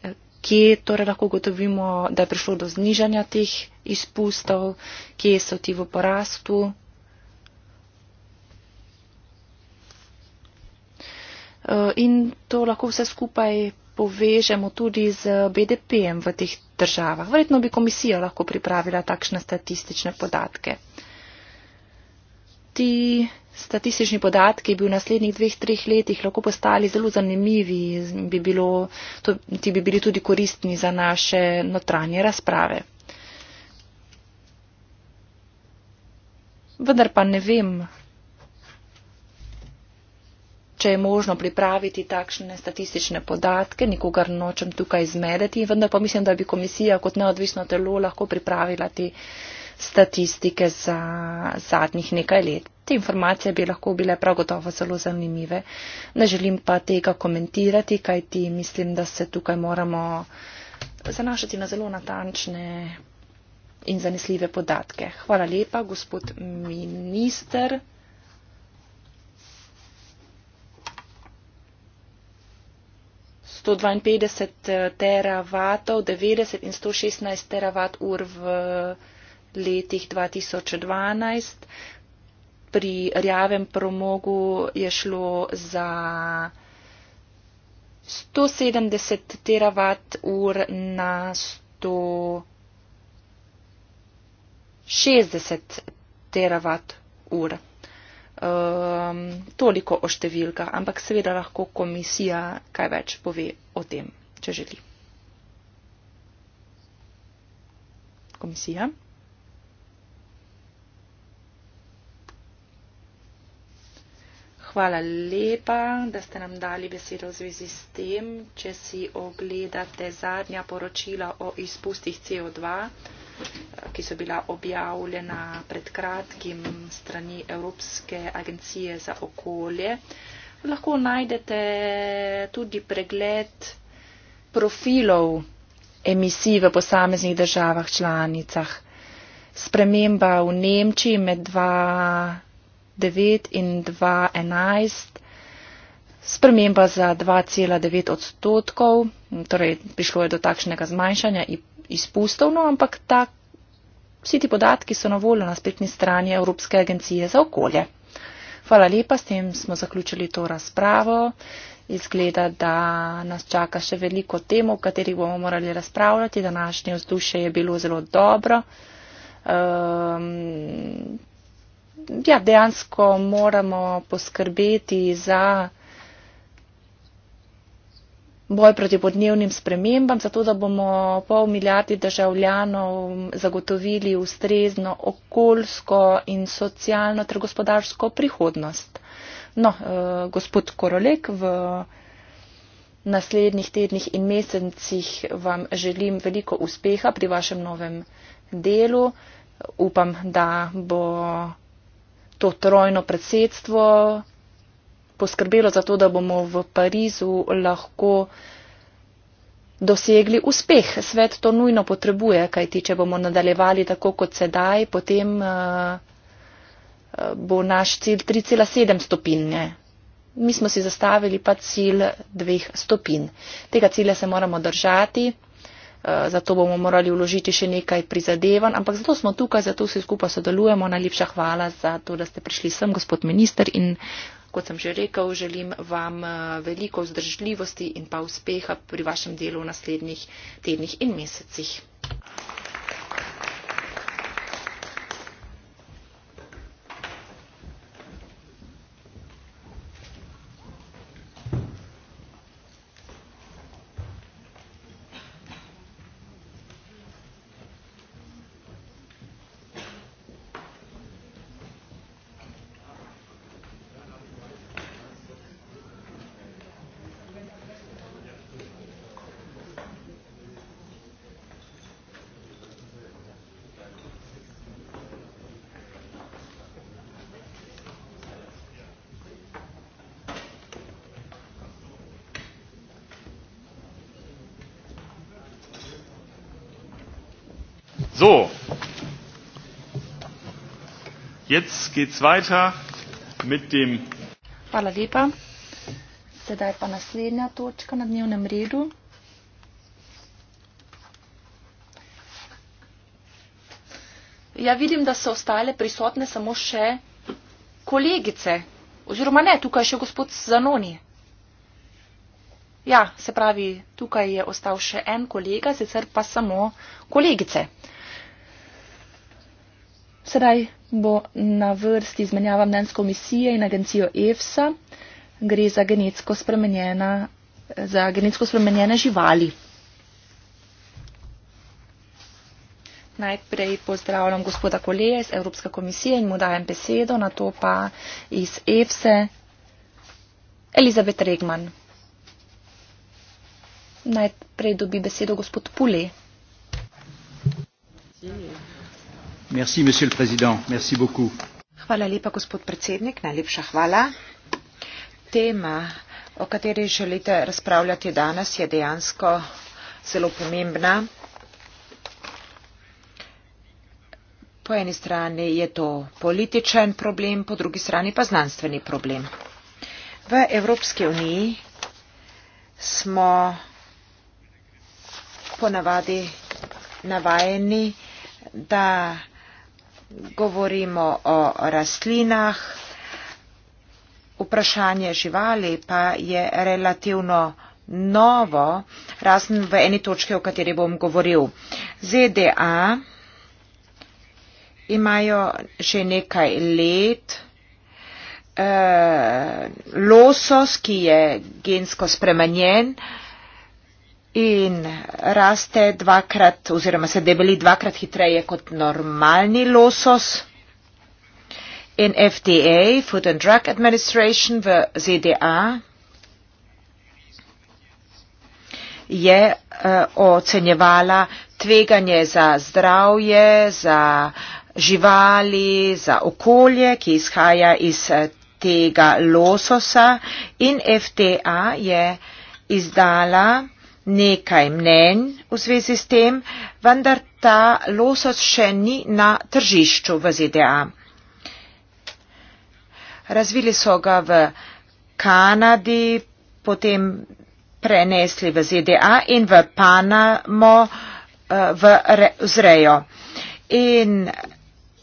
eh, kje torej lahko gotovimo, da je prišlo do znižanja teh izpustov, kje so ti v porastu, Eh, in to lahko vse skupaj povežemo tudi z BDP-em v teh državah. Verjetno bi komisija lahko pripravila takšne statistične podatke. Ti statistični podatki bi v naslednjih dveh, treh letih lahko postali zelo zanimivi, bi bilo, to, ti bi bili tudi koristni za naše notranje razprave. Vendar pa ne vem, če je možno pripraviti takšne statistične podatke, nikogar nočem tukaj zmedeti, vendar pa mislim, da bi komisija kot neodvisno telo lahko pripravila te statistike za zadnjih nekaj let. Te informacije bi lahko bile prav gotovo zelo zanimive. Ne želim pa tega komentirati, kaj ti mislim, da se tukaj moramo zanašati na zelo natančne in zanesljive podatke. Hvala lepa, gospod minister. 152 eh, teravatov, 90 in 116 teravat ur v letih 2012. Pri rjavem promogu je šlo za 170 teravat ur na 160 teravat ur um, toliko o številkah, ampak seveda lahko komisija kaj več pove o tem, če želi. Komisija. Hvala lepa, da ste nam dali besedo v zvezi s tem, če si ogledate zadnja poročila o izpustih CO2 ki so bila objavljena pred kratkim strani Evropske agencije za okolje. Lahko najdete tudi pregled profilov emisij v posameznih državah članicah. Sprememba v Nemčiji med 2009 in 2011, sprememba za 2,9 odstotkov, torej prišlo je do takšnega zmanjšanja izpustov, no, ampak ta, vsi ti podatki so na voljo na spletni strani Evropske agencije za okolje. Hvala lepa, s tem smo zaključili to razpravo. Izgleda, da nas čaka še veliko tem, o katerih bomo morali razpravljati. Današnje vzdušje je bilo zelo dobro. Um, ja, dejansko moramo poskrbeti za boj proti podnebnim spremembam, zato da bomo pol milijardi državljanov zagotovili ustrezno okoljsko in socialno ter gospodarsko prihodnost. No, eh, gospod Korolek, v naslednjih tednih in mesecih vam želim veliko uspeha pri vašem novem delu. Upam, da bo to trojno predsedstvo poskrbelo za to, da bomo v Parizu lahko dosegli uspeh. Svet to nujno potrebuje, kajti če bomo nadaljevali tako kot sedaj, potem eh, eh, bo naš cilj 3,7 stopinje. Mi smo si zastavili pa cilj dveh stopin. Tega cilja se moramo držati, eh, zato bomo morali vložiti še nekaj prizadevanj, ampak zato smo tukaj, zato vsi skupaj sodelujemo. Najlepša hvala za to, da ste prišli sem, gospod minister, in Kot sem že rekel, želim vam eh, veliko vzdržljivosti in pa uspeha pri vašem delu v naslednjih tednih in mesecih. So, jetzt geht es weiter mit dem. Hvala lepa. Sedaj pa naslednja točka na dnevnem redu. Ja, vidim, da so ostale prisotne samo še kolegice. Oziroma ne, tukaj še gospod Zanoni. Ja, se pravi, tukaj je ostal še en kolega, sicer pa samo kolegice. Jutraj bo na vrsti izmenjava mnen s komisije in agencijo EFSA. Gre za genetsko, za genetsko spremenjene živali. Najprej pozdravljam gospoda Koleja iz Evropske komisije in mu dajem besedo, na to pa iz EFSE Elizabet Regman. Najprej dobi besedo gospod Pule. Hvala lepa, gospod predsednik. Najlepša hvala. Tema, o kateri želite razpravljati danes, je dejansko zelo pomembna. Po eni strani je to političen problem, po drugi strani pa znanstveni problem. V Evropski uniji smo ponavadi navajeni, da govorimo o rastlinah, vprašanje živali pa je relativno novo, razen v eni točki, o kateri bom govoril. ZDA imajo že nekaj let eh, losos, ki je gensko spremenjen. Eh, in raste dvakrat oziroma se debeli dvakrat hitreje kot normalni losos. In FDA, Food and Drug Administration v ZDA, je uh, ocenjevala tveganje za zdravje, za živali, za okolje, ki izhaja iz eh, tega lososa. In FDA je izdala nekaj mnen v zvezi s tem, vendar ta losos še ni na tržišču v ZDA. Razvili so ga v Kanadi, potem prenesli v ZDA in v Panamo eh, v Zrejo. In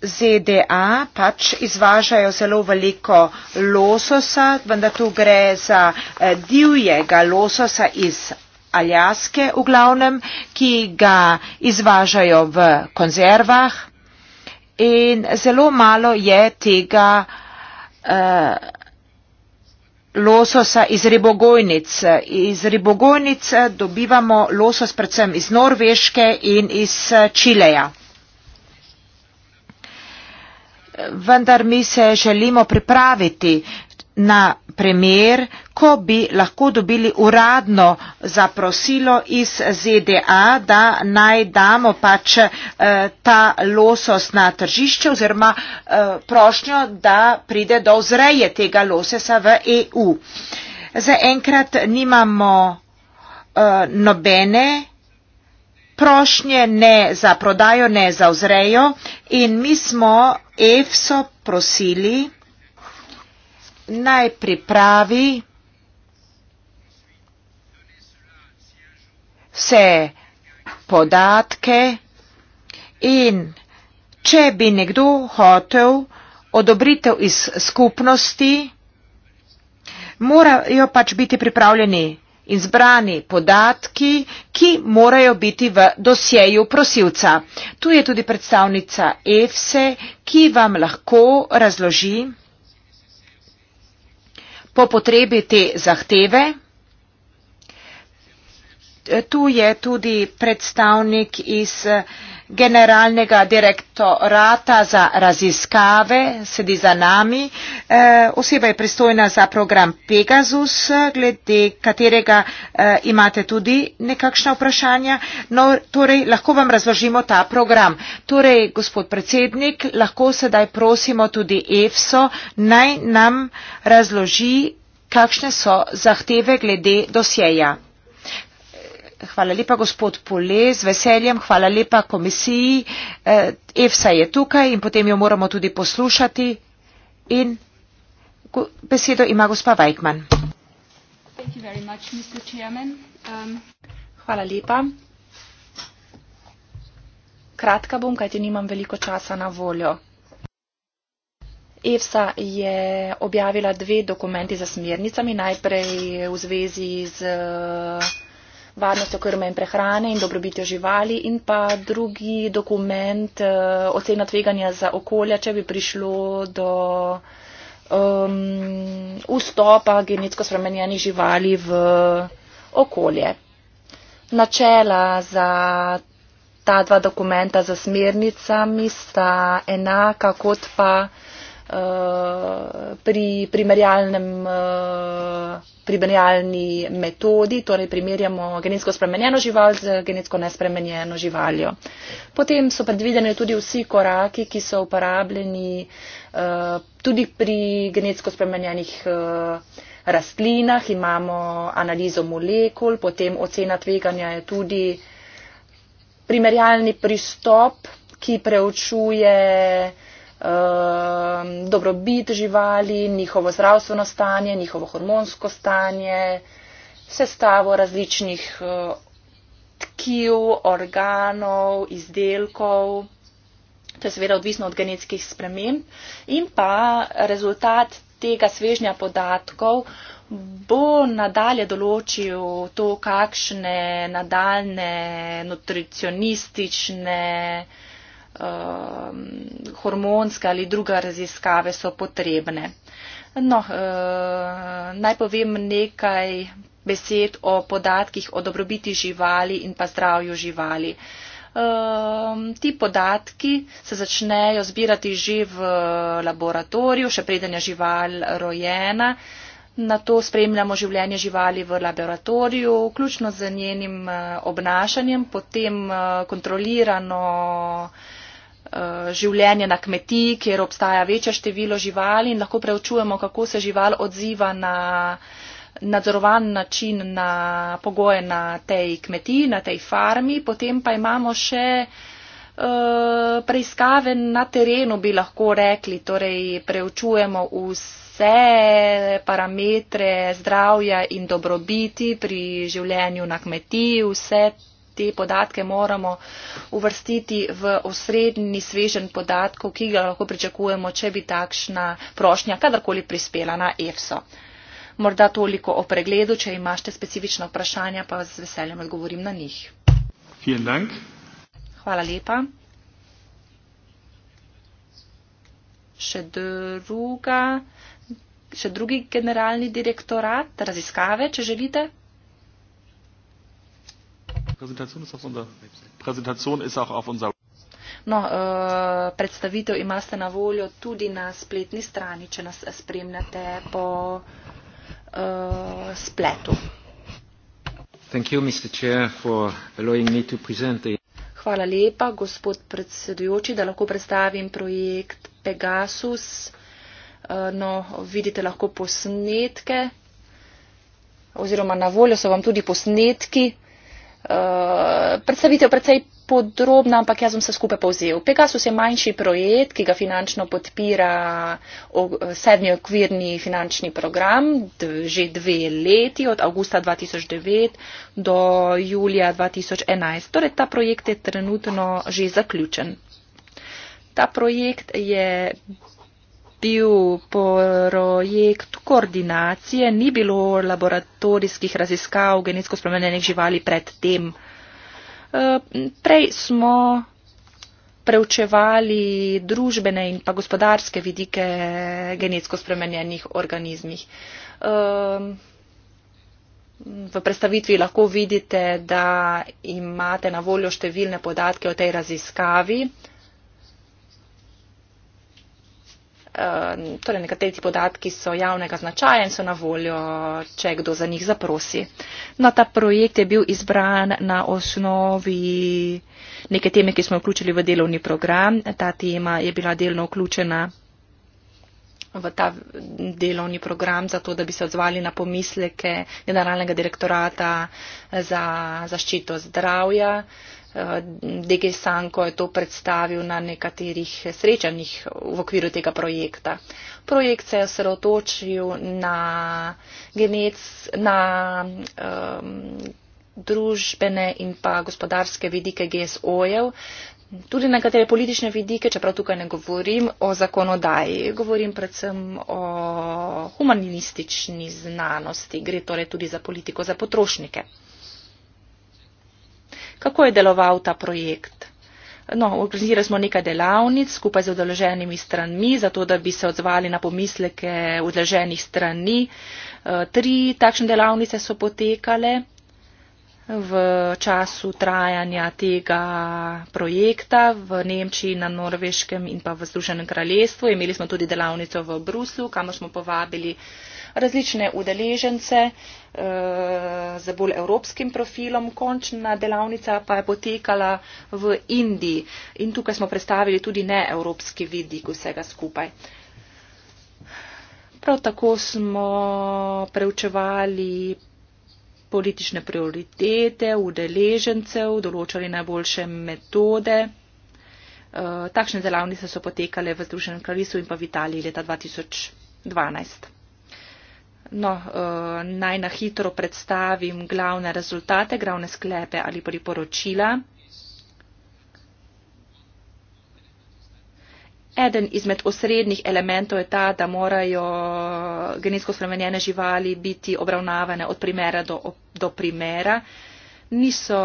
ZDA pač izvažajo zelo veliko lososa, vendar tu gre za eh, divjega lososa iz Aljaske v glavnem, ki ga izvažajo v konzervah in zelo malo je tega eh, lososa iz ribogojnic. Iz ribogojnic eh, dobivamo losos predvsem iz Norveške in iz eh, Čileja. Vendar mi se želimo pripraviti na primer, ko bi lahko dobili uradno zaprosilo iz ZDA, da naj damo pač eh, ta losos na tržišče oziroma eh, prošnjo, da pride do vzreje tega lososa v EU. Zaenkrat nimamo eh, nobene prošnje ne za prodajo, ne za vzrejo in mi smo EFSO prosili, naj pripravi vse podatke in če bi nekdo hotel odobritev iz skupnosti, morajo pač biti pripravljeni izbrani podatki, ki morajo biti v dosjeju prosilca. Tu je tudi predstavnica EFSE, ki vam lahko razloži, po potrebi te zahteve. Tu je tudi predstavnik iz uh, generalnega direktorata za raziskave sedi za nami. E, oseba je pristojna za program Pegasus, glede katerega e, imate tudi nekakšna vprašanja. No, torej, lahko vam razložimo ta program. Torej, gospod predsednik, lahko sedaj prosimo tudi EFSO, naj nam razloži, kakšne so zahteve glede dosjeja. Hvala lepa, gospod Pole, z veseljem. Hvala lepa komisiji. EFSA eh, je tukaj in potem jo moramo tudi poslušati. In besedo ima gospa Weikman. Um, hvala lepa. Kratka bom, kajti nimam veliko časa na voljo. EFSA je objavila dve dokumenti za smernicami, najprej v zvezi z varnostjo krme in prehrane in dobrobitjo živali in pa drugi dokument eh, ocena tveganja za okolje, če bi prišlo do um, vstopa genetsko spremenjenih živali v okolje. Načela za ta dva dokumenta za smernicami sta enaka kot pa uh, pri primerjalnem uh, primerjalni metodi, torej primerjamo genetsko spremenjeno žival z genetsko nespremenjeno živaljo. Potem so predvideni tudi vsi koraki, ki so uporabljeni uh, tudi pri genetsko spremenjenih. Uh, rastlinah, imamo analizo molekul, potem ocena tveganja je tudi primerjalni pristop, ki preučuje Um, dobrobit živali, njihovo zdravstveno stanje, njihovo hormonsko stanje, sestavo različnih uh, tkiv, organov, izdelkov. To je seveda odvisno od genetskih sprememb in pa rezultat tega svežnja podatkov bo nadalje določil to, kakšne nadaljne nutricionistične uh, uh, hormonske ali druga raziskave so potrebne. No, uh, naj povem nekaj besed o podatkih o dobrobiti živali in pa zdravju živali. Um, ti podatki se začnejo zbirati že v laboratoriju, še preden je žival rojena. Na to spremljamo življenje živali v laboratoriju, vključno z njenim uh, obnašanjem, potem uh, kontrolirano Eh, življenje na kmetiji, kjer obstaja večje število živali in lahko preučujemo, kako se žival odziva na nadzorovan način na pogoje na tej kmetiji, na tej farmi. Potem pa imamo še uh, preiskave na terenu, bi lahko rekli. Torej, preučujemo vse parametre zdravja in dobrobiti pri življenju na kmetiji, vse te podatke moramo uvrstiti v osrednji svežen podatkov, ki ga lahko pričakujemo, če bi takšna prošnja kadarkoli prispela na EFSO. Morda toliko o pregledu, če imate specifična vprašanja, pa z veseljem odgovorim na njih. Hvala lepa. Še, druga, še drugi generalni direktorat raziskave, če želite. Präsentation ist auf unserer Präsentation ist auch auf unserer No, eh, predstavitev imate na voljo tudi na spletni strani, če nas spremljate po uh, spletu. You, Chair, Hvala lepa, gospod predsedujoči, da lahko predstavim projekt Pegasus. Uh, no, vidite lahko posnetke, oziroma na voljo so vam tudi posnetki. Eh, predstavitev precej podrobna, ampak jaz bom se skupaj povzel. Pegasus je manjši projekt, ki ga finančno podpira sedmi okvirni finančni program že dve leti, od avgusta 2009 do julija 2011. Torej, ta projekt je trenutno že zaključen. Ta projekt je bil projekt koordinacije, ni bilo laboratorijskih raziskav genetsko spremenjenih živali pred tem. Eh, prej smo preučevali družbene in pa gospodarske vidike genetsko spremenjenih organizmih. Ehm, v predstavitvi lahko vidite, da imate na voljo številne podatke o tej raziskavi. Eh, torej nekateri ti podatki so javnega značaja in so na voljo, če kdo za njih zaprosi. No, ta projekt je bil izbran na osnovi neke teme, ki smo vključili v delovni program. Ta tema je bila delno vključena v ta delovni program, zato da bi se odzvali na pomisleke generalnega direktorata za zaščito zdravja. Uh, Eh, DG Sanko je to predstavil na nekaterih srečanjih v okviru tega projekta. Projekt se je osredotočil na, genec, na um, družbene in pa gospodarske vidike GSO-jev, tudi na nekatere politične vidike, čeprav tukaj ne govorim o zakonodaji, govorim predvsem o humanistični znanosti, gre torej tudi za politiko za potrošnike kako je deloval ta projekt. No, organizirali smo nekaj delavnic skupaj z odloženimi strani, zato da bi se odzvali na pomisleke odloženih strani. E, tri takšne delavnice so potekale v času trajanja tega projekta v Nemčiji, na Norveškem in pa v Združenem kraljestvu. Imeli smo tudi delavnico v Bruslu, kamor smo povabili različne udeležence eh, z bolj evropskim profilom. Končna delavnica pa je potekala v Indiji in tukaj smo predstavili tudi neevropski vidik vsega skupaj. Prav tako smo preučevali politične prioritete udeležencev, določali najboljše metode. Eh, takšne delavnice so potekale v Združenem kraljestvu in pa v Italiji leta 2012. No, eh, naj na hitro predstavim glavne rezultate, glavne sklepe ali priporočila. Eden izmed osrednjih elementov je ta, da morajo genetsko spremenjene živali biti obravnavane od primera do, do primera. Niso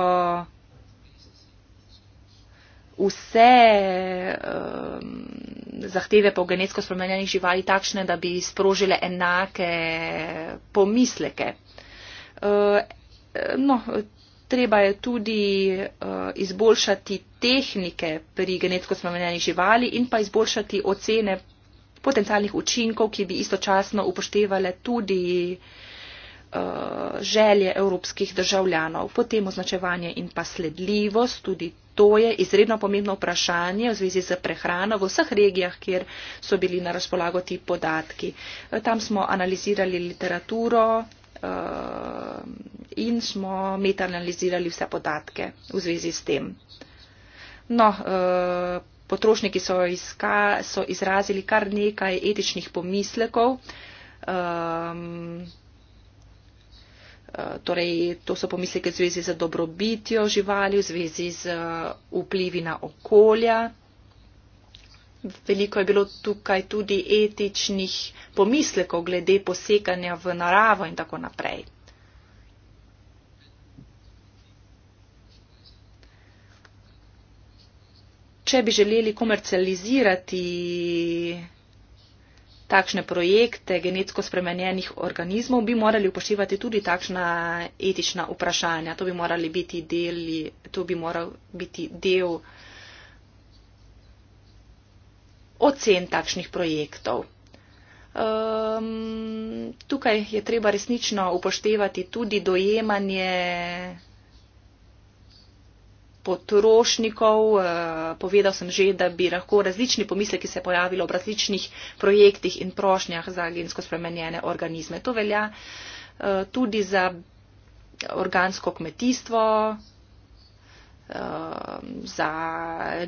vse um, zahteve po genetsko spremenjenih živali takšne, da bi sprožile enake pomisleke. Uh, no, treba je tudi uh, izboljšati tehnike pri genetsko spremenjenih živali in pa izboljšati ocene potencialnih učinkov, ki bi istočasno upoštevale tudi uh, želje evropskih državljanov, potem označevanje in pa sledljivost, tudi to je izredno pomembno vprašanje v zvezi z prehrano v vseh regijah, kjer so bili na razpolago ti podatki. Tam smo analizirali literaturo eh, in smo metanalizirali vse podatke v zvezi s tem. No, eh, potrošniki so, izka, so izrazili kar nekaj etičnih pomislekov. Ehm, Eh, torej, to so pomisleke v zvezi z dobrobitjo živali, v zvezi z eh, vplivi na okolja. Veliko je bilo tukaj tudi etičnih pomislekov glede poseganja v naravo in tako naprej. Če bi želeli komercializirati takšne projekte genetsko spremenjenih organizmov, bi morali upoštevati tudi takšna etična vprašanja. To bi, morali biti deli, to bi moral biti del ocen takšnih projektov. Um, tukaj je treba resnično upoštevati tudi dojemanje potrošnikov. Eh, povedal sem že, da bi lahko različni pomisleki se pojavili ob različnih projektih in prošnjah za gensko spremenjene organizme. To velja eh, tudi za organsko kmetijstvo, eh, za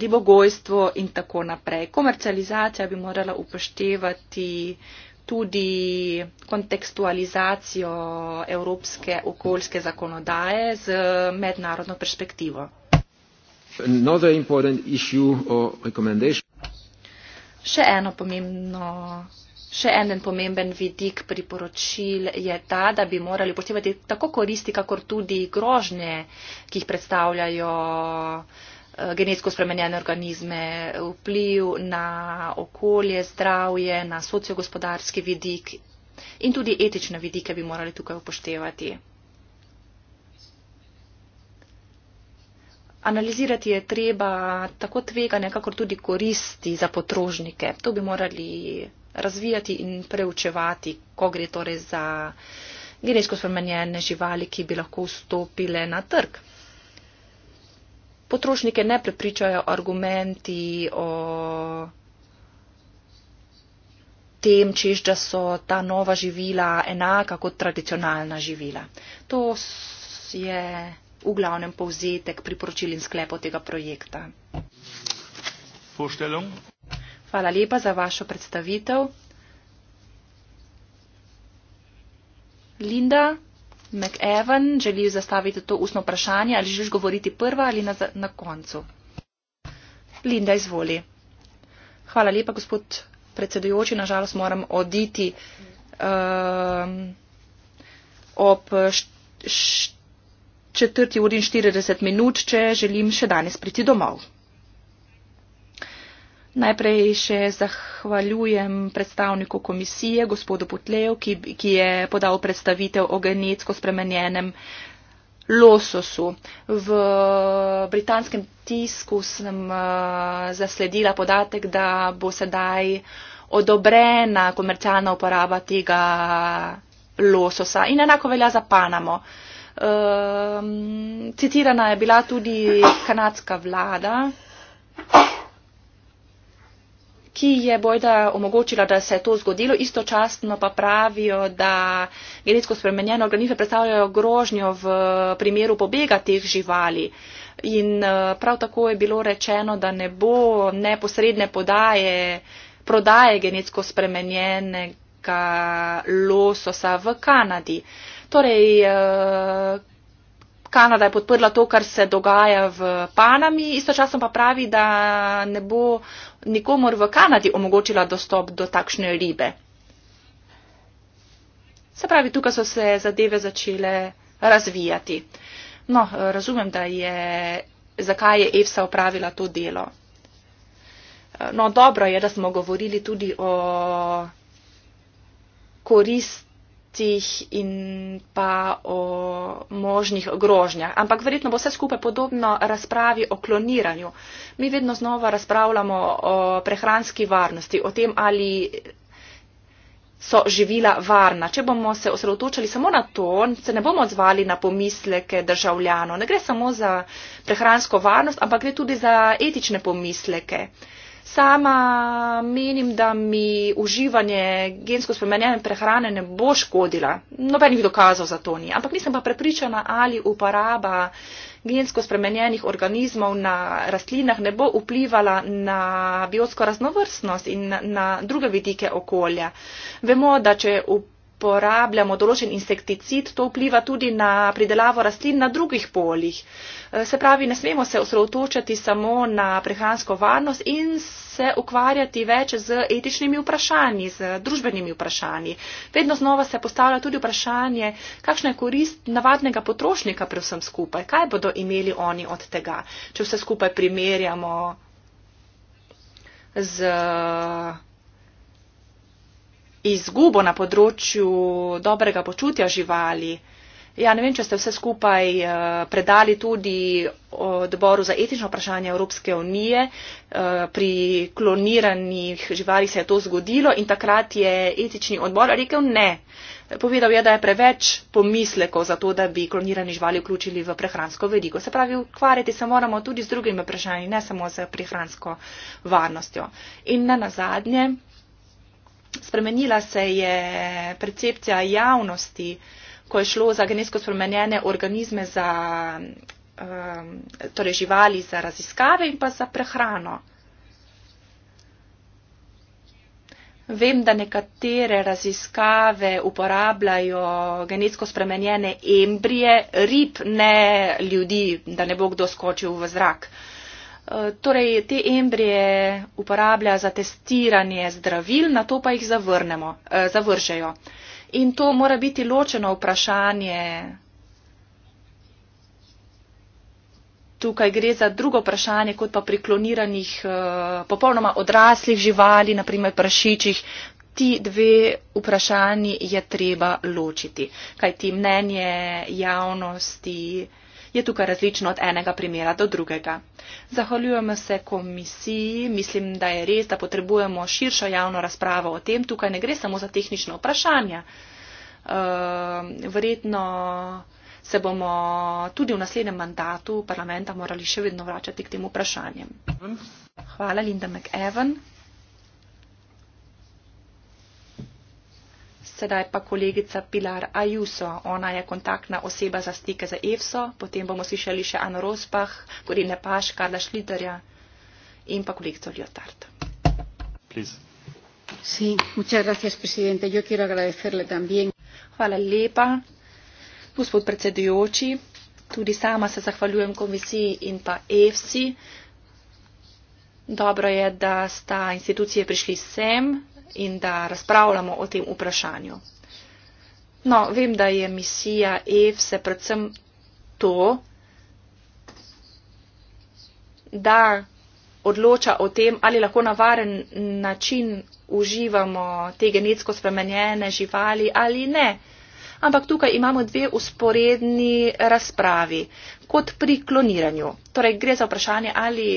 ribogojstvo in tako naprej. Komercializacija bi morala upoštevati tudi kontekstualizacijo evropske okoljske zakonodaje z mednarodno perspektivo. Še, eno pomembno, še en pomemben vidik priporočil je ta, da bi morali upoštevati tako koristi, kakor tudi grožnje, ki jih predstavljajo eh, genetsko spremenjene organizme, vpliv na okolje, zdravje, na sociogospodarski vidik in tudi etične vidike bi morali tukaj upoštevati. analizirati je treba tako tveganja, kakor tudi koristi za potrožnike. To bi morali razvijati in preučevati, ko gre torej za genetsko spremenjene živali, ki bi lahko vstopile na trg. Potrošnike ne prepričajo argumenti o tem, češ, da so ta nova živila enaka kot tradicionalna živila. To je v glavnem povzetek priporočil in sklepov tega projekta. Poštelom. Hvala lepa za vašo predstavitev. Linda McEwan, želiš zastaviti to ustno vprašanje ali želiš govoriti prva ali na, na koncu? Linda, izvoli. Hvala lepa, gospod predsedujoči. Nažalost moram oditi um, ob št, št, četrti uri in 40 minut, če želim še danes priti domov. Najprej še zahvaljujem predstavniku komisije, gospodu Putlejo, ki, ki je podal predstavitev o genetsko spremenjenem lososu. V britanskem tisku sem uh, zasledila podatek, da bo sedaj odobrena komercialna uporaba tega lososa in enako velja za Panamo. Uh, Um, citirana je bila tudi kanadska vlada, ki je bojda omogočila, da se je to zgodilo. Istočasno pa pravijo, da genetsko spremenjene organife predstavljajo grožnjo v primeru pobega teh živali. In eh, prav tako je bilo rečeno, da ne bo neposredne podaje, prodaje genetsko spremenjenega lososa v Kanadi. Uh, Torej, eh, Kanada je podprla to, kar se dogaja v Panami, istočasno pa pravi, da ne bo nikomor v Kanadi omogočila dostop do takšne ribe. Se pravi, tukaj so se zadeve začele razvijati. No, eh, razumem, da je, zakaj je EFSA upravila to delo. Eh, no, dobro je, da smo govorili tudi o korist podjetjih in pa o možnih grožnjah. Ampak verjetno bo vse skupaj podobno razpravi o kloniranju. Mi vedno znova razpravljamo o prehranski varnosti, o tem, ali so živila varna. Če bomo se osredotočili samo na to, se ne bomo odzvali na pomisleke državljanov. Ne gre samo za prehransko varnost, ampak gre tudi za etične pomisleke. Uh, Sama menim, da mi uživanje gensko spremenjene prehrane ne bo škodila. Nobenih dokazov za to ni. Ampak nisem pa prepričana, ali uporaba gensko spremenjenih organizmov na rastlinah ne bo vplivala na biotsko raznovrstnost in na druge vidike okolja. Vemo, da če uporabimo uporabljamo določen insekticid, to vpliva tudi na pridelavo rastlin na drugih poljih. E, se pravi, ne smemo se osredotočati samo na prehransko varnost in se ukvarjati več z etičnimi vprašanji, z družbenimi vprašanji. Vedno znova se postavlja tudi vprašanje, kakšna je korist navadnega potrošnika pri vsem skupaj, kaj bodo imeli oni od tega, če vse skupaj primerjamo z izgubo na področju dobrega počutja živali. Ja, ne vem, če ste vse skupaj eh, predali tudi odboru za etično vprašanje Evropske unije. Eh, pri kloniranih živali se je to zgodilo in takrat je etični odbor rekel ne. Povedal je, da je preveč pomislekov za to, da bi klonirani živali vključili v prehransko verigo. Se pravi, ukvarjati se moramo tudi z drugimi vprašanji, ne samo z prehransko varnostjo. In na nazadnje, spremenila se je percepcija javnosti, ko je šlo za genetsko spremenjene organizme, za um, torej živali, za raziskave in pa za prehrano. Vem, da nekatere raziskave uporabljajo genetsko spremenjene embrije rib, ne ljudi, da ne bo kdo skočil v zrak. Uh, Eh, torej te embrije uporablja za testiranje zdravil, na to pa jih zavrnemo, eh, zavržejo. In to mora biti ločeno vprašanje. Tukaj gre za drugo vprašanje, kot pa pri kloniranih eh, popolnoma odraslih živali, naprimer prašičih. Ti dve vprašanji je treba ločiti. Kaj ti mnenje javnosti? je tukaj različno od enega primera do drugega. Zahvaljujemo se komisiji, mislim, da je res, da potrebujemo širšo javno razpravo o tem. Tukaj ne gre samo za tehnično vprašanje. Ehm, verjetno se bomo tudi v naslednjem mandatu parlamenta morali še vedno vračati k tem vprašanjem. Hvala, Linda McEwan. Sedaj pa kolegica Pilar Ajuso, ona je kontaktna oseba za stike za EFSO, potem bomo slišali še Ano Rospah, Korine Paš, Karla Šliderja in pa kolegico Ljotart. Sí, gracias, Yo también. Hvala lepa, gospod predsedujoči. Tudi sama se zahvaljujem komisiji in pa EFSI. Dobro je, da sta institucije prišli sem, in da razpravljamo o tem vprašanju. No, vem, da je misija E vse predvsem to, da odloča o tem, ali lahko na varen način uživamo te genetsko spremenjene živali ali ne. Ampak tukaj imamo dve usporedni razpravi, kot pri kloniranju. Torej, gre za vprašanje, ali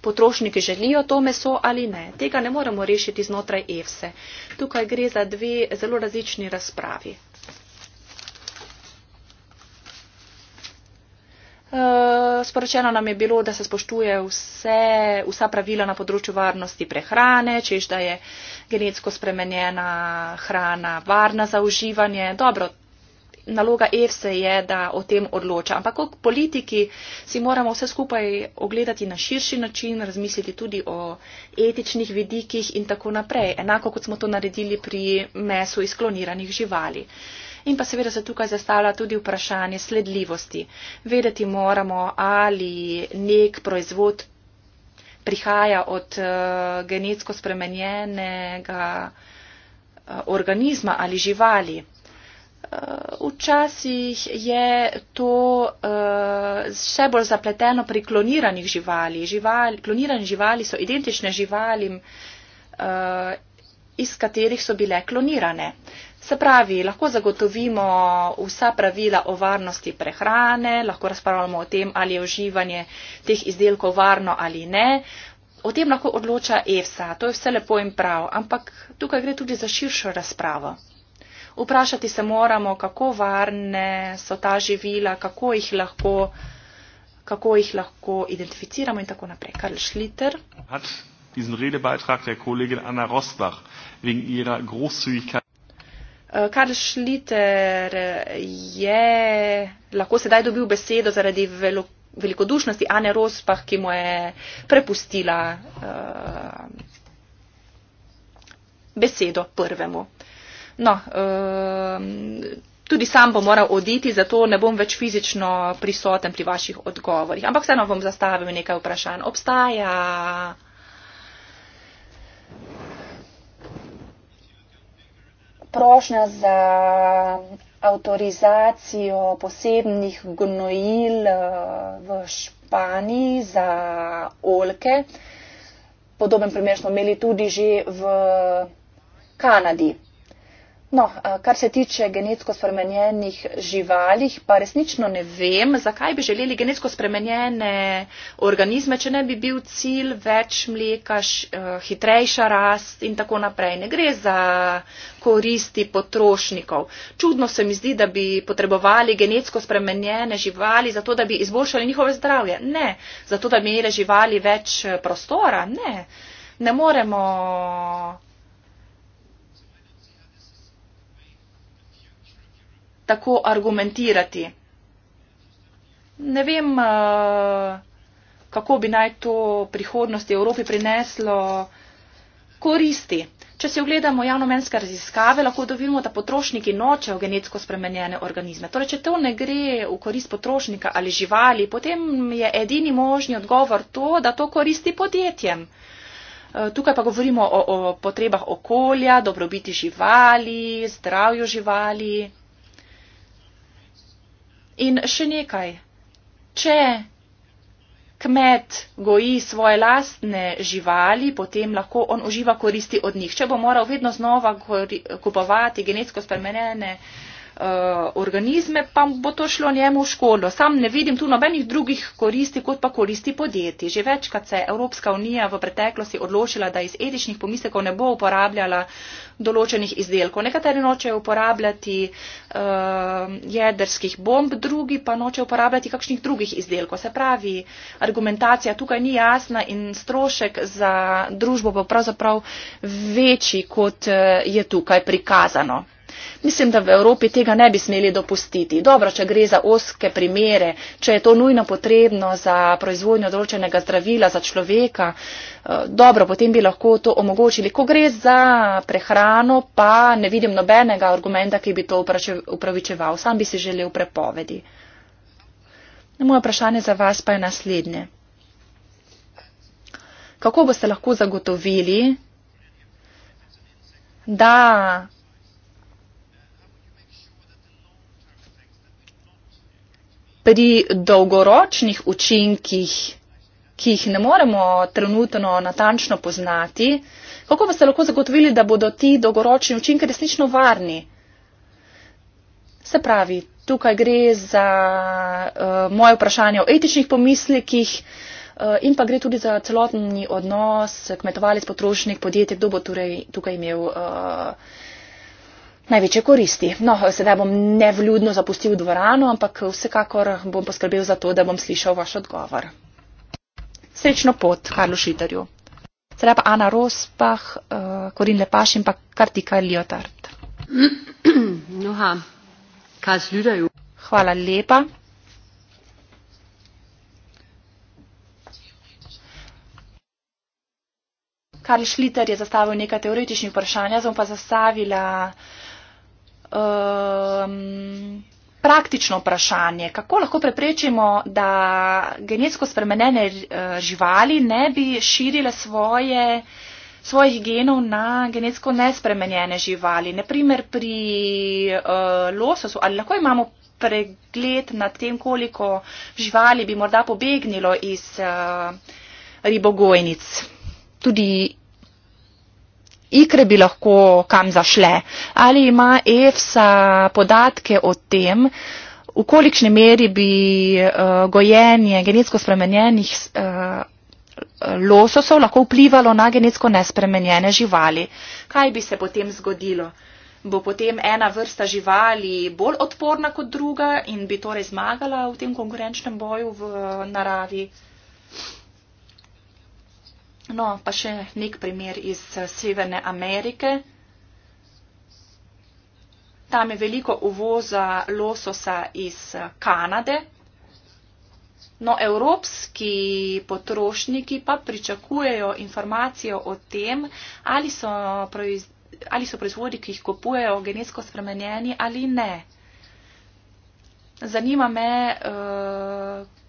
potrošniki želijo to meso ali ne. Tega ne moremo rešiti znotraj EFSE. Tukaj gre za dve zelo različni razpravi. E, sporočeno nam je bilo, da se spoštuje vse, vsa pravila na področju varnosti prehrane, čež da je genetsko spremenjena hrana varna za uživanje. Dobro, naloga EFSE je, da o tem odloča. Ampak kot politiki si moramo vse skupaj ogledati na širši način, razmisliti tudi o etičnih vidikih in tako naprej. Enako kot smo to naredili pri mesu iz kloniranih živali. In pa seveda se tukaj zastavlja tudi vprašanje sledljivosti. Vedeti moramo, ali nek proizvod prihaja od uh, genetsko spremenjenega uh, organizma ali živali. Eh, včasih je to uh, še bolj zapleteno pri kloniranih živalih. Živali, klonirane živali so identične živalim, uh, iz katerih so bile klonirane. Se pravi, lahko zagotovimo vsa pravila o varnosti prehrane, lahko razpravljamo o tem, ali je uživanje teh izdelkov varno ali ne. O tem lahko odloča EFSA, to je vse lepo in prav, ampak tukaj gre tudi za širšo razpravo. Vprašati se moramo, kako varne so ta živila, kako jih lahko, kako jih lahko identificiramo in tako naprej. Karl Schlitter. Äh, Karl Schlitter äh, je lahko sedaj dobil besedo zaradi velikodušnosti Ane Rospah, ki mu je prepustila uh, besedo prvemu. No, ehm, tudi sam bom moral oditi, zato ne bom več fizično prisoten pri vaših odgovorih. Ampak vseeno bom zastavil nekaj vprašanj. Obstaja. Prošnja za avtorizacijo posebnih gnojil eh, v Španiji za olke. Podoben primer smo imeli tudi že v Kanadi. No, eh, kar se tiče genetsko spremenjenih živalih, pa resnično ne vem, zakaj bi želeli genetsko spremenjene organizme, če ne bi bil cilj več mleka, eh, hitrejša rast in tako naprej. Ne gre za koristi potrošnikov. Čudno se mi zdi, da bi potrebovali genetsko spremenjene živali zato, da bi izboljšali njihove zdravje. Ne, zato, da bi imeli živali več eh, prostora. Ne, ne moremo. tako argumentirati. Ne vem, eh, kako bi naj to prihodnosti Evropi prineslo koristi. Če si ogledamo javnomenske raziskave, lahko dovimo, da potrošniki nočejo genetsko spremenjene organizme. Torej, če to ne gre v korist potrošnika ali živali, potem je edini možni odgovor to, da to koristi podjetjem. Eh, tukaj pa govorimo o, o potrebah okolja, dobrobiti živali, zdravju živali. In še nekaj. Če kmet goji svoje lastne živali, potem lahko on uživa koristi od njih. Če bo moral vedno znova kupovati genetsko spremenjene uh, uh, organizme, pa bo to šlo njemu v škodo. Sam ne vidim tu nobenih drugih koristi, kot pa koristi podjetij. Že večkrat se je Evropska unija v preteklosti odločila, da iz etičnih pomislekov ne bo uporabljala določenih izdelkov. Nekateri nočejo uporabljati uh, jedrskih bomb, drugi pa nočejo uporabljati kakšnih drugih izdelkov. Se pravi, argumentacija tukaj ni jasna in strošek za družbo bo pravzaprav večji, kot eh, je tukaj prikazano mislim da v evropi tega ne bi smeli dopustiti dobro če gre za oske primere če je to nujno potrebno za proizvodnjo določenega zdravila za človeka eh, dobro potem bi lahko to omogočili ko gre za prehrano pa ne vidim nobenega argumenta ki bi to upravičeval sam bi si želel prepovedi moje vprašanje za vas pa je naslednje kako boste lahko zagotovili da pri dolgoročnih učinkih, ki jih ne moremo trenutno natančno poznati, kako boste lahko zagotovili, da bodo ti dolgoročni učinki resnično varni? Se pravi, tukaj gre za uh, moje vprašanje o etičnih pomislekih uh, in pa gre tudi za celotni odnos kmetovalec, potrošnik, podjetje, kdo bo torej tukaj imel. Uh, največje koristi. No, sedaj bom nevljudno zapustil dvorano, ampak vsekakor bom poskrbel za to, da bom slišal vaš odgovor. Srečno pot, Karlo Šitarju. Sedaj pa Ana Rospah, Korin eh, Lepaš in pa Kartika Liotard. Noha, kaj sljudaju? Hvala lepa. Karl Šliter je zastavil nekaj teoretičnih vprašanj, jaz bom pa zastavila um, praktično vprašanje, kako lahko preprečimo, da genetsko spremenjene eh, živali ne bi širile svoje, svojih genov na genetsko nespremenjene živali. Naprimer pri uh, lososu, ali lahko imamo pregled nad tem, koliko živali bi morda pobegnilo iz uh, ribogojnic. Tudi igre bi lahko kam zašle. Ali ima EFSA podatke o tem, v kolikšni meri bi uh, gojenje genetsko spremenjenih uh, lososov lahko vplivalo na genetsko nespremenjene živali. Kaj bi se potem zgodilo? Bo potem ena vrsta živali bolj odporna kot druga in bi torej zmagala v tem konkurenčnem boju v naravi? Uh, No, pa še nek primer iz eh, Severne Amerike. Tam je veliko uvoza lososa iz eh, Kanade. No, evropski potrošniki pa pričakujejo informacijo o tem, ali so, proiz, ali so proizvodi, ki jih kupujejo, genetsko spremenjeni ali ne. Zanima me, uh,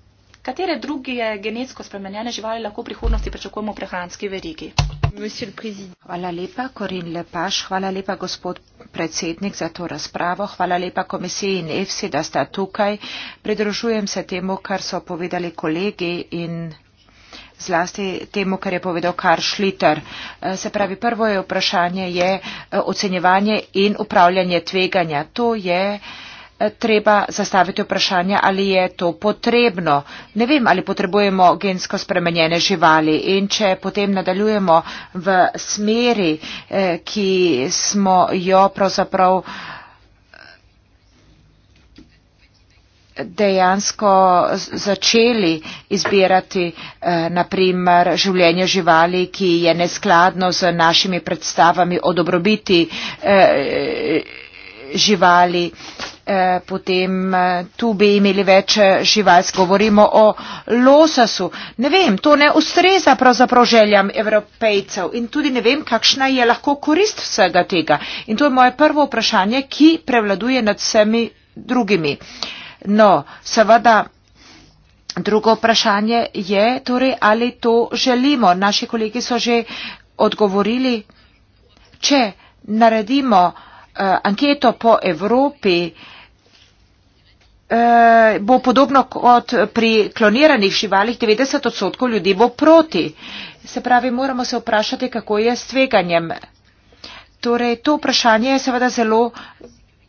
Katere druge genetsko spremenjene živali lahko v prihodnosti pričakujemo v prehranski verigi? Hvala lepa, Korin Lepaš, hvala lepa, gospod predsednik, za to razpravo. Hvala lepa komisiji in EFSI, da sta tukaj. Pridružujem se temu, kar so povedali kolegi in zlasti temu, kar je povedal Kar Šliter. Eh, se pravi, prvo je vprašanje je eh, ocenjevanje in upravljanje tveganja. To je treba zastaviti vprašanje, ali je to potrebno. Ne vem, ali potrebujemo gensko spremenjene živali in če potem nadaljujemo v smeri, eh, ki smo jo pravzaprav eh, dejansko začeli izbirati eh, naprimer življenje živali, ki je neskladno z našimi predstavami o dobrobiti živali Eh, potem eh, tu bi imeli več eh, živalsk. Govorimo o lososu. Ne vem, to ne ustreza pravzaprav željam evropejcev in tudi ne vem, kakšna je lahko korist vsega tega. In to je moje prvo vprašanje, ki prevladuje nad vsemi drugimi. No, seveda. Drugo vprašanje je, torej, ali to želimo. Naši kolegi so že odgovorili, če naredimo uh, anketo po Evropi, uh, eh, bo podobno kot pri kloniranih živalih, 90 odstotkov ljudi bo proti. Se pravi, moramo se vprašati, kako je s tveganjem. Torej, to vprašanje je seveda zelo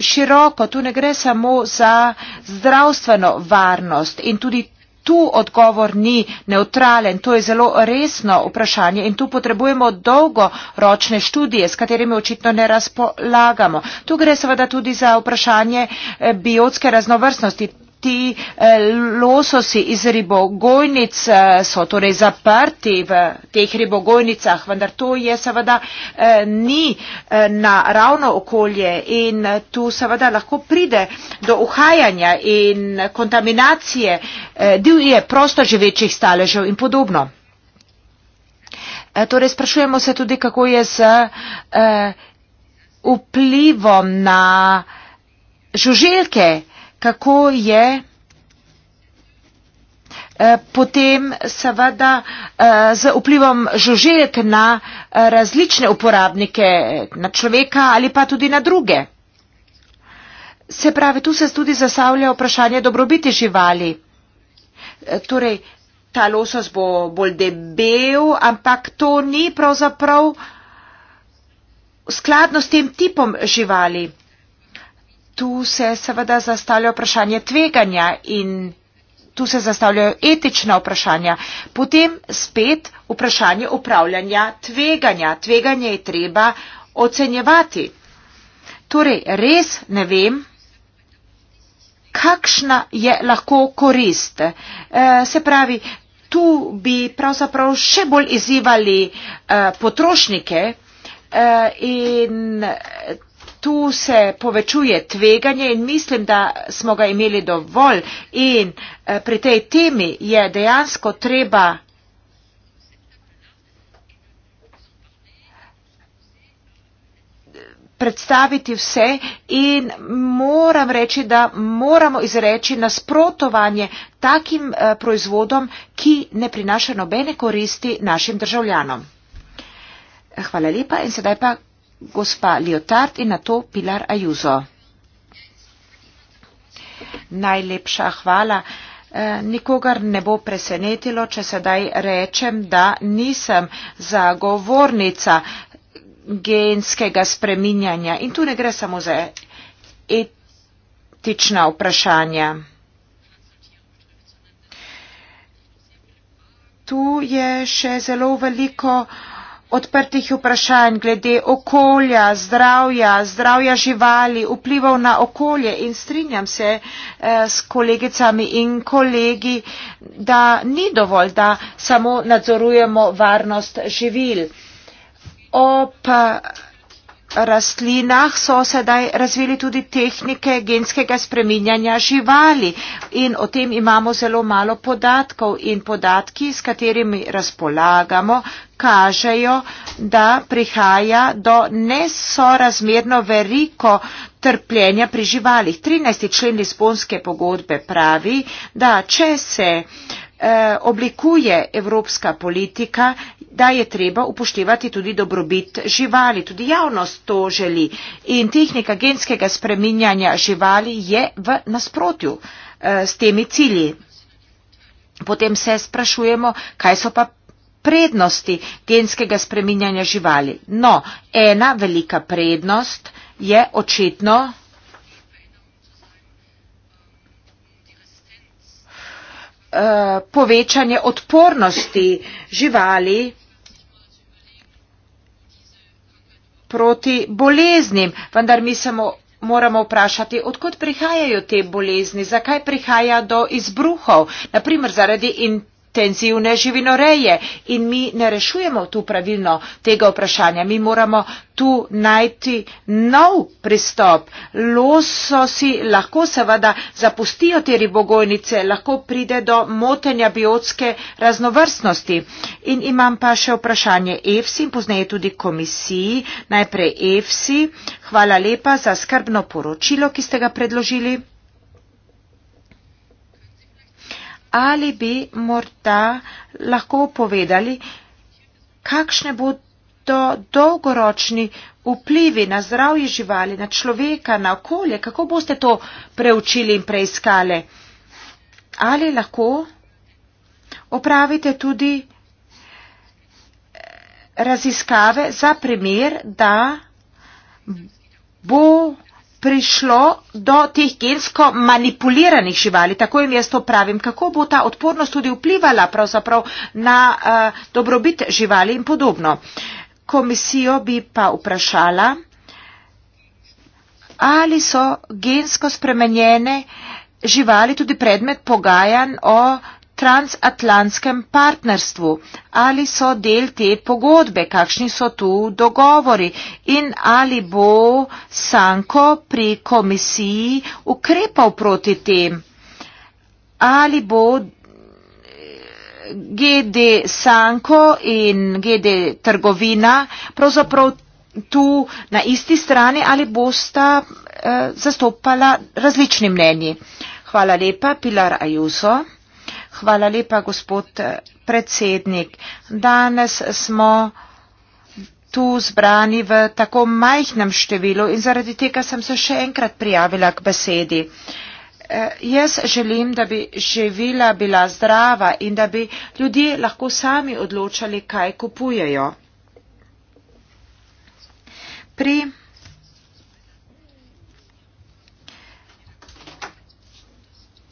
široko. Tu ne gre samo za zdravstveno varnost in tudi tu odgovor ni neutralen, to je zelo resno vprašanje in tu potrebujemo dolgoročne študije, s katerimi očitno ne razpolagamo. Tu gre seveda tudi za vprašanje eh, biotske raznovrstnosti ti eh, lososi iz ribogojnic eh, so torej zaprti v teh ribogojnicah, vendar to je seveda eh, ni na ravno okolje in tu seveda lahko pride do uhajanja in kontaminacije divje prosto živečih staležev in podobno. Torej sprašujemo se tudi, kako je z vplivom na žuželke kako je eh, potem seveda eh, z vplivom žuželk na eh, različne uporabnike, na človeka ali pa tudi na druge. Se pravi, tu se tudi zastavlja vprašanje dobrobiti živali. Torej, ta losos bo bolj debel, ampak to ni pravzaprav skladno s tem tipom živali tu se seveda zastavlja vprašanje tveganja in tu se zastavljajo etična vprašanja. Potem spet vprašanje upravljanja tveganja. Tveganje je treba ocenjevati. Torej, res ne vem, kakšna je lahko korist. E, se pravi, tu bi pravzaprav še bolj izzivali e, potrošnike e, in. E, tu se povečuje tveganje in mislim, da smo ga imeli dovolj in eh, pri tej temi je dejansko treba predstaviti vse in moram reči, da moramo izreči nasprotovanje takim eh, proizvodom, ki ne prinaša nobene koristi našim državljanom. Hvala lepa in sedaj pa gospa Liotard in na to Pilar Ajuzo. Najlepša hvala. Eh, nikogar ne bo presenetilo, če sedaj rečem, da nisem zagovornica genskega spreminjanja. In tu ne gre samo za etična vprašanja. Tu je še zelo veliko uh, odprtih vprašanj glede okolja, zdravja, zdravja živali, vplivov na okolje in strinjam se eh, s kolegicami in kolegi, da ni dovolj, da samo nadzorujemo varnost živil. Ob rastlinah so sedaj razvili tudi tehnike genskega spreminjanja živali in o tem imamo zelo malo podatkov in podatki, s katerimi razpolagamo, kažejo, da prihaja do nesorazmerno veliko trpljenja pri živalih. 13. člen Lisbonske pogodbe pravi, da če se uh, Eh, oblikuje evropska politika, da je treba upoštevati tudi dobrobit živali. Tudi javnost to želi. In tehnika genskega spreminjanja živali je v nasprotju eh, s temi cilji. Potem se sprašujemo, kaj so pa prednosti genskega spreminjanja živali. No, ena velika prednost je očitno Eh, povečanje odpornosti živali proti boleznim, vendar mi se moramo vprašati, odkot prihajajo te bolezni, zakaj prihaja do izbruhov, naprimer zaradi interesov tenzivne živinoreje in mi ne rešujemo tu pravilno tega vprašanja. Mi moramo tu najti nov pristop. Lososi lahko seveda zapustijo te ribogojnice, lahko pride do motenja biotske raznovrstnosti. In imam pa še vprašanje EFSI in poznaje tudi komisiji. Najprej EFSI, hvala lepa za skrbno poročilo, ki ste ga predložili. ali bi morda lahko povedali, kakšne bodo dolgoročni vplivi na zdravje živali, na človeka, na okolje, kako boste to preučili in preiskali. Ali lahko opravite tudi eh, raziskave za primer, da bo prišlo do teh gensko manipuliranih živali, tako jim jaz to pravim, kako bo ta odpornost tudi vplivala pravzaprav na uh, dobrobit živali in podobno. Komisijo bi pa vprašala, ali so gensko spremenjene živali tudi predmet pogajanj o transatlantskem partnerstvu, ali so del te pogodbe, kakšni so tu dogovori in ali bo Sanko pri komisiji ukrepal proti tem, ali bo eh, GD Sanko in GD trgovina pravzaprav tu na isti strani ali bosta eh, zastopala različni mnenji. Hvala lepa, Pilar Ajuso. Hvala lepa, gospod eh, predsednik. Danes smo tu zbrani v tako majhnem številu in zaradi tega sem se še enkrat prijavila k besedi. Eh, jaz želim, da bi živila bila zdrava in da bi ljudje lahko sami odločali, kaj kupujejo. Pri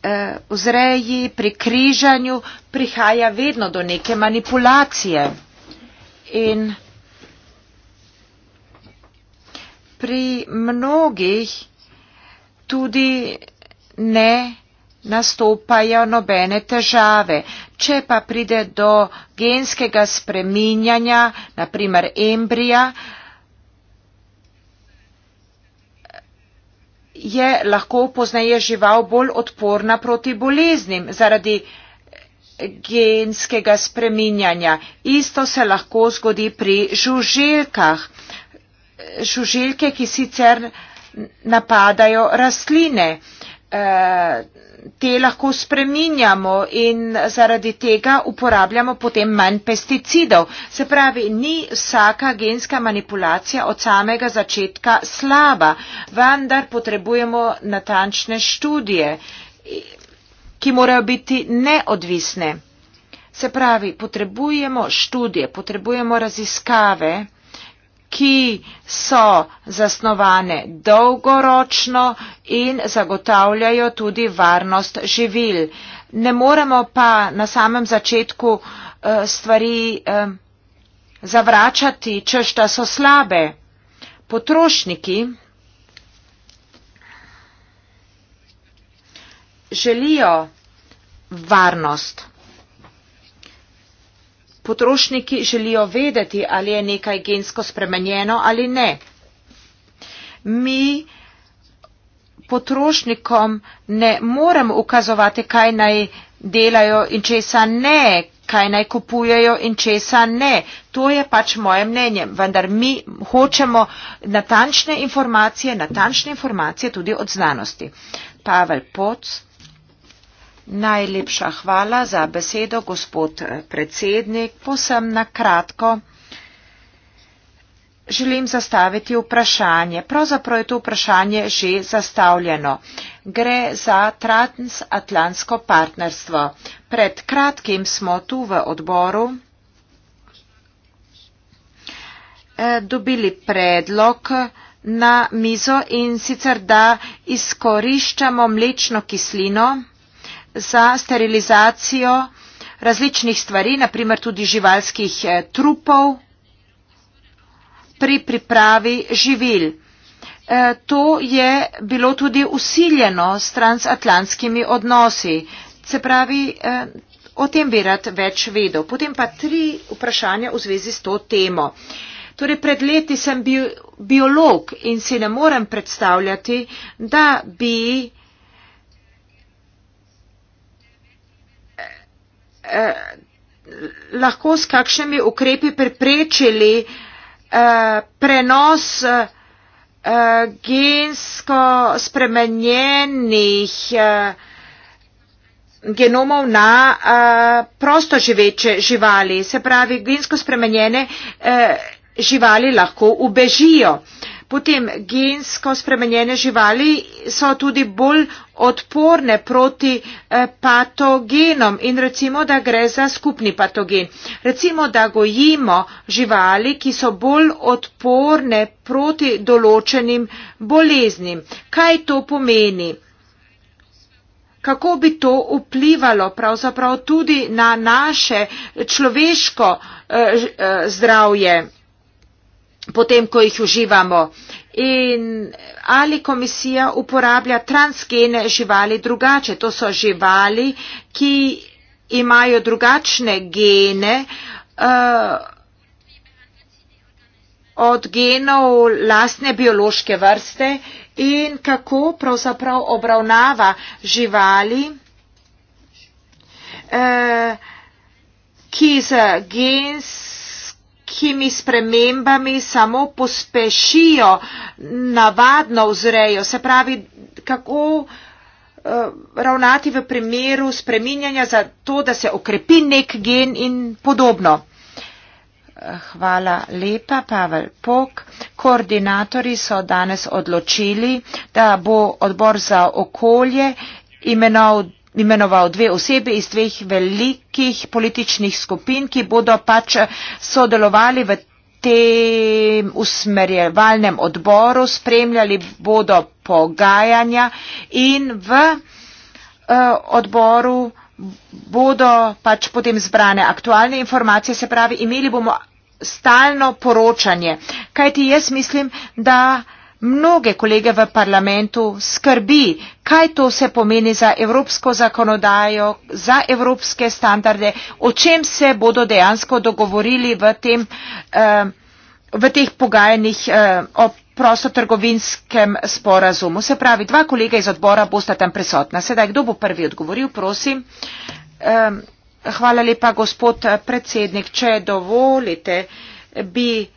eh, vzreji, pri križanju prihaja vedno do neke manipulacije. In pri mnogih tudi ne nastopajo nobene težave. Če pa pride do genskega spreminjanja, naprimer embrija, je lahko pozneje žival bolj odporna proti boleznim zaradi genskega spreminjanja. Isto se lahko zgodi pri žuželkah. Žuželke, ki sicer napadajo rastline. Uh, Eh, te lahko spreminjamo in zaradi tega uporabljamo potem manj pesticidov. Se pravi, ni vsaka genska manipulacija od samega začetka slaba, vendar potrebujemo natančne študije, ki morajo biti neodvisne. Se pravi, potrebujemo študije, potrebujemo raziskave, ki so zasnovane dolgoročno in zagotavljajo tudi varnost živil. Ne moremo pa na samem začetku eh, stvari eh, zavračati, češ da so slabe. Potrošniki želijo varnost potrošniki želijo vedeti, ali je nekaj gensko spremenjeno ali ne. Mi potrošnikom ne moremo ukazovati, kaj naj delajo in česa ne, kaj naj kupujejo in česa ne. To je pač moje mnenje, vendar mi hočemo natančne informacije, natančne informacije tudi od znanosti. Pavel Poc. Najlepša hvala za besedo, gospod predsednik. Posem na kratko želim zastaviti vprašanje. Pravzaprav je to vprašanje že zastavljeno. Gre za transatlantsko partnerstvo. Pred kratkim smo tu v odboru eh, dobili predlog na mizo in sicer, da izkoriščamo mlečno kislino za sterilizacijo različnih stvari, naprimer tudi živalskih eh, trupov pri pripravi živil. Eh, to je bilo tudi usiljeno s transatlantskimi odnosi. Se pravi, eh, o tem bi rad več vedel. Potem pa tri vprašanja v zvezi s to temo. Torej, pred leti sem bio, biolog in si ne morem predstavljati, da bi eh, Eh, lahko s kakšnimi ukrepi preprečili eh, prenos eh, gensko spremenjenih genomov na prosto živeče živali. Se pravi, gensko spremenjene živali lahko ubežijo. Potem gensko spremenjene živali so tudi bolj odporne proti eh, patogenom in recimo, da gre za skupni patogen. Recimo, da gojimo živali, ki so bolj odporne proti določenim boleznim. Kaj to pomeni? Kako bi to vplivalo pravzaprav tudi na naše človeško eh, eh zdravje? potem ko jih uživamo. In ali komisija uporablja transgene živali drugače? To so živali, ki imajo drugačne gene uh, od genov lastne biološke vrste in kako pravzaprav obravnava živali, uh, ki z gens takimi spremembami samo pospešijo navadno vzrejo, se pravi, kako eh, ravnati v primeru spreminjanja za to, da se okrepi nek gen in podobno. Eh, hvala lepa, Pavel Pok. Koordinatori so danes odločili, da bo odbor za okolje imenoval imenoval dve osebi iz dveh velikih političnih skupin, ki bodo pač sodelovali v tem usmerjevalnem odboru, spremljali bodo pogajanja in v eh, odboru bodo pač potem zbrane aktualne informacije, se pravi, imeli bomo stalno poročanje. Kajti jaz mislim, da Mnoge kolege v parlamentu skrbi, kaj to se pomeni za evropsko zakonodajo, za evropske standarde, o čem se bodo dejansko dogovorili v, tem, eh, v teh pogajanjih eh, o prostotrgovinskem sporazumu. Se pravi, dva kolega iz odbora bosta tam prisotna. Sedaj, kdo bo prvi odgovoril, prosim. Eh, hvala lepa, gospod predsednik. Če dovolite, bi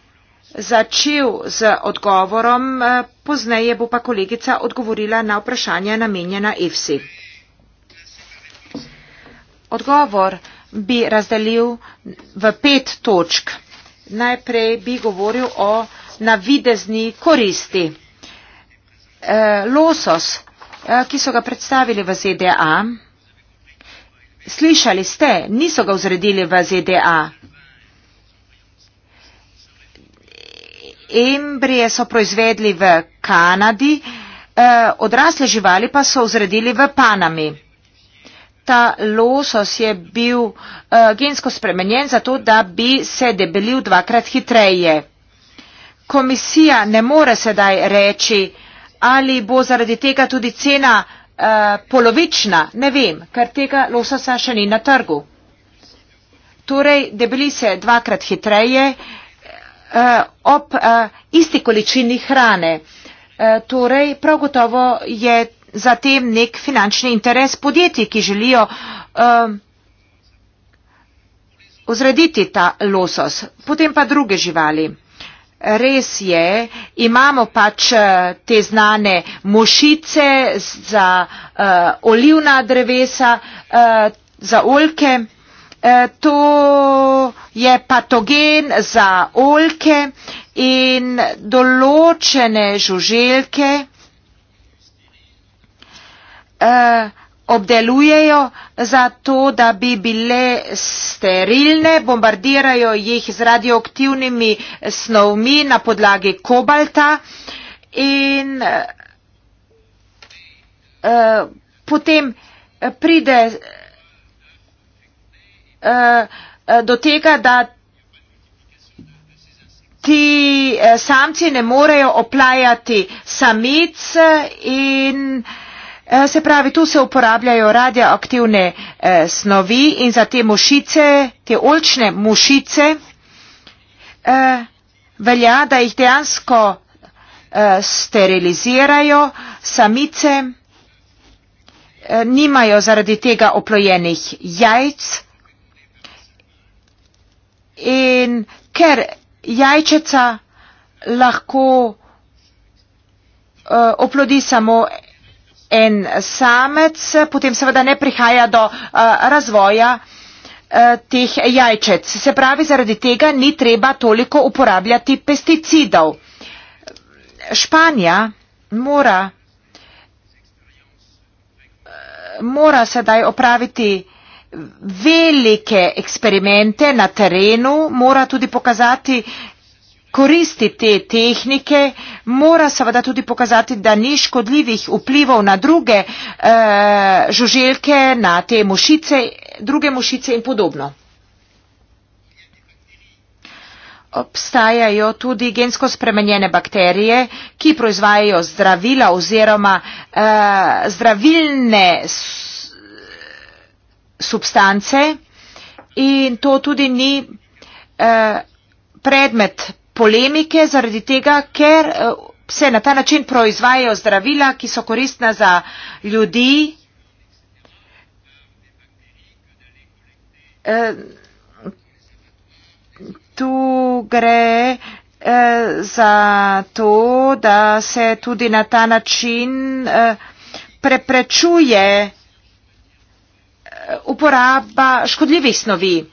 začel z odgovorom, eh, pozneje bo pa kolegica odgovorila na vprašanja namenjena EFSI. Odgovor bi razdelil v pet točk. Najprej bi govoril o navidezni koristi. Eh, losos, eh, ki so ga predstavili v ZDA, slišali ste, niso ga vzredili v ZDA. embrije so proizvedli v Kanadi, eh, odrasle živali pa so vzredili v Panami. Ta losos je bil eh, gensko spremenjen zato, da bi se debelil dvakrat hitreje. Komisija ne more sedaj reči, ali bo zaradi tega tudi cena eh, polovična, ne vem, ker tega lososa še ni na trgu. Torej, debeli se dvakrat hitreje, uh, Eh, ob eh, isti količini hrane. Eh, torej, prav gotovo je zatem nek finančni interes podjetij, ki želijo ozrediti ta losos, potem pa druge živali. Res je, imamo pač te znane mošice za uh, olivna drevesa, uh, za oljke. E, to je patogen za oljke in določene žuželke e, obdelujejo za to, da bi bile sterilne, bombardirajo jih z radioaktivnimi snovmi na podlagi kobalta in eh, potem pride eh, do tega, da ti eh, samci ne morejo oplajati samic in eh, se pravi, tu se uporabljajo radioaktivne eh, snovi in za te mušice, te olčne mušice, velja, da jih dejansko sterilizirajo samice, nimajo zaradi tega oplojenih jajc, in ker jajčeca lahko uh, oplodi samo en samec, potem seveda ne prihaja do uh, razvoja uh, teh jajčec. Se pravi, zaradi tega ni treba toliko uporabljati pesticidov. Španija mora, mora sedaj opraviti uh, velike eksperimente na terenu, mora tudi pokazati koristi te tehnike, mora seveda tudi pokazati, da ni škodljivih vplivov na druge e, žuželke, na te mušice, druge mušice in podobno. Obstajajo tudi gensko spremenjene bakterije, ki proizvajajo zdravila oziroma e, zdravilne. So, substance in to tudi ni eh, predmet polemike zaradi tega, ker eh, se na ta način proizvajajo zdravila, ki so koristna za ljudi. Eh, tu gre za to, da se tudi na ta način preprečuje uporaba škodljivih snovi.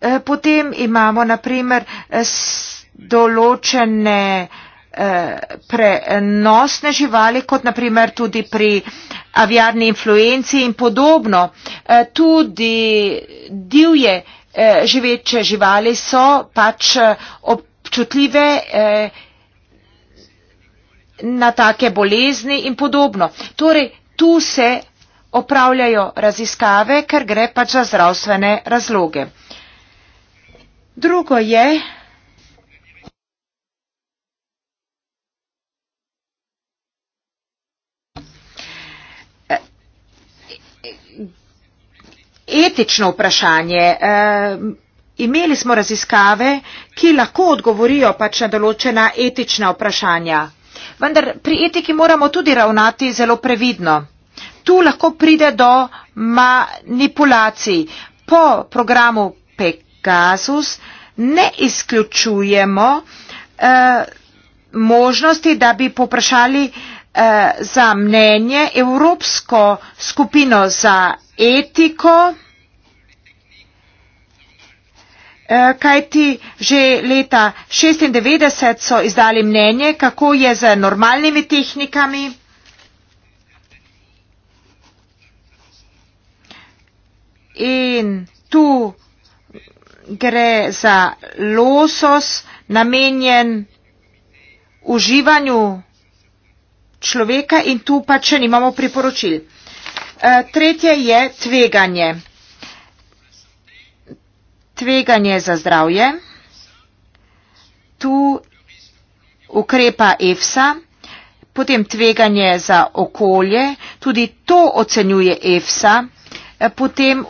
E, potem imamo naprimer določene e, prenosne živali, kot naprimer tudi pri aviarni influenci in podobno. E, tudi divje živeče živali so pač občutljive na take bolezni in podobno. Torej, tu se opravljajo raziskave, ker gre pač za zdravstvene razloge. Drugo je, Etično vprašanje. E, imeli smo raziskave, ki lahko odgovorijo pač na določena etična vprašanja. Vendar pri etiki moramo tudi ravnati zelo previdno. Tu lahko pride do manipulacij. Po programu Pegasus ne izključujemo eh, možnosti, da bi poprašali eh, za mnenje Evropsko skupino za etiko. Eh, kajti že leta 1996 so izdali mnenje, kako je z normalnimi tehnikami. In tu gre za losos namenjen uživanju človeka in tu pa če nimamo priporočil. Eh, tretje je tveganje tveganje za zdravje. Tu ukrepa EFSA, potem tveganje za okolje, tudi to ocenjuje EFSA, eh, potem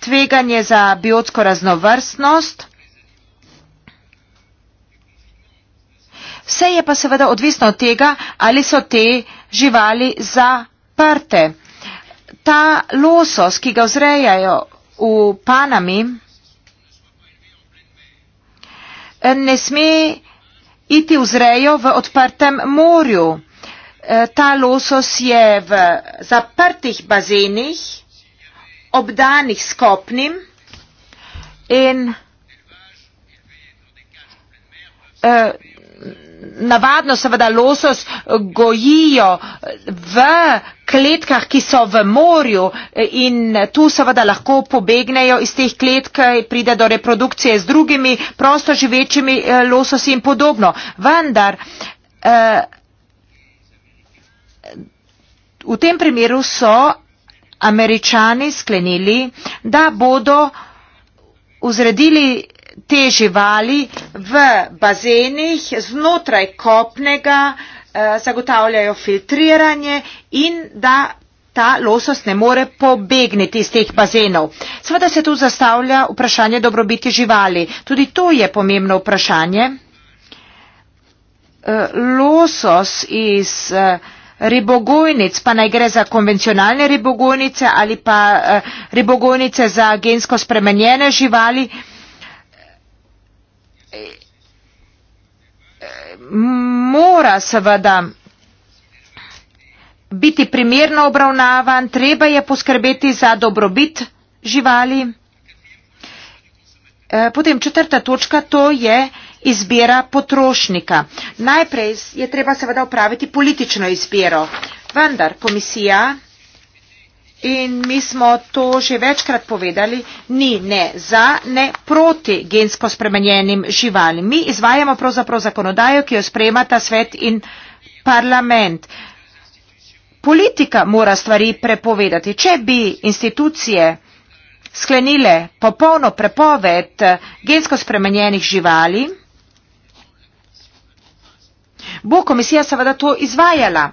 tveganje za biotsko raznovrstnost. Vse je pa seveda odvisno od tega, ali so te živali zaprte. Ta losos, ki ga vzrejajo v Panami, ne sme iti v zrejo v odprtem morju. E, ta losos je v zaprtih bazenih, obdanih skopnim in e, navadno seveda losos gojijo v kletkah, ki so v morju in tu seveda lahko pobegnejo iz teh kletk, pride do reprodukcije z drugimi prosto živečimi eh, lososi in podobno. Vendar eh, v tem primeru so američani sklenili, da bodo vzredili te živali v bazenih znotraj kopnega eh, zagotavljajo filtriranje in da ta losos ne more pobegniti iz teh bazenov. Sveda se tu zastavlja vprašanje dobrobiti živali. Tudi to je pomembno vprašanje. Eh, losos iz eh, ribogojnic, pa naj gre za konvencionalne ribogojnice ali pa ribogojnice za gensko spremenjene živali, mora seveda biti primerno obravnavan, treba je poskrbeti za dobrobit živali. E, potem četrta točka, to je izbira potrošnika. Najprej je treba seveda upraviti politično izbiro, vendar komisija in mi smo to že večkrat povedali, ni ne za, ne proti gensko spremenjenim živalim. Mi izvajamo pravzaprav zakonodajo, ki jo sprejemata svet in parlament. Politika mora stvari prepovedati. Če bi institucije sklenile popolno prepoved eh, gensko spremenjenih živali, bo komisija seveda to izvajala.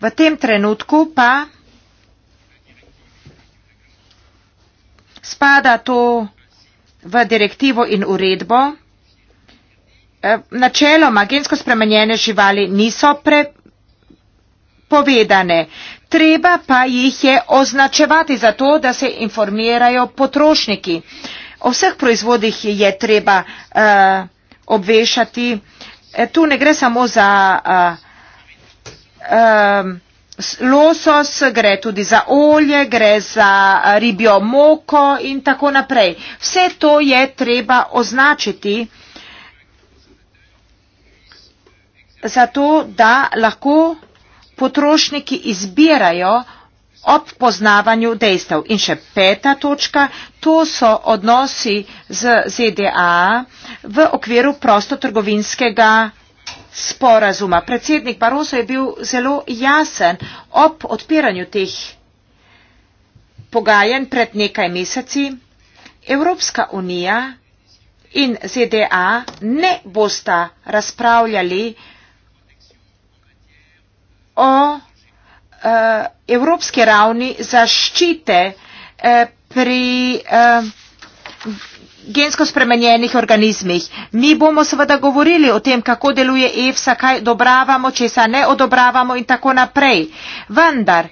V tem trenutku pa spada to v direktivo in uredbo. Eh, načeloma gensko spremenjene živali niso prepovedane, treba pa jih je označevati zato, da se informirajo potrošniki. O vseh proizvodih je treba uh, obvešati. Eh, tu ne gre samo za. Uh, uh, losos, gre tudi za olje, gre za ribjo moko in tako naprej. Vse to je treba označiti, zato da lahko potrošniki izbirajo ob poznavanju dejstev. In še peta točka, to so odnosi z ZDA v okviru prostotrgovinskega sporazuma. Predsednik Barroso je bil zelo jasen ob odpiranju teh pogajanj pred nekaj meseci. Evropska unija in ZDA ne bosta razpravljali o uh, evropski ravni zaščite uh, pri uh, gensko spremenjenih organizmih. Mi bomo seveda govorili o tem, kako deluje EFSA, kaj odobravamo, česa ne odobravamo in tako naprej. Vendar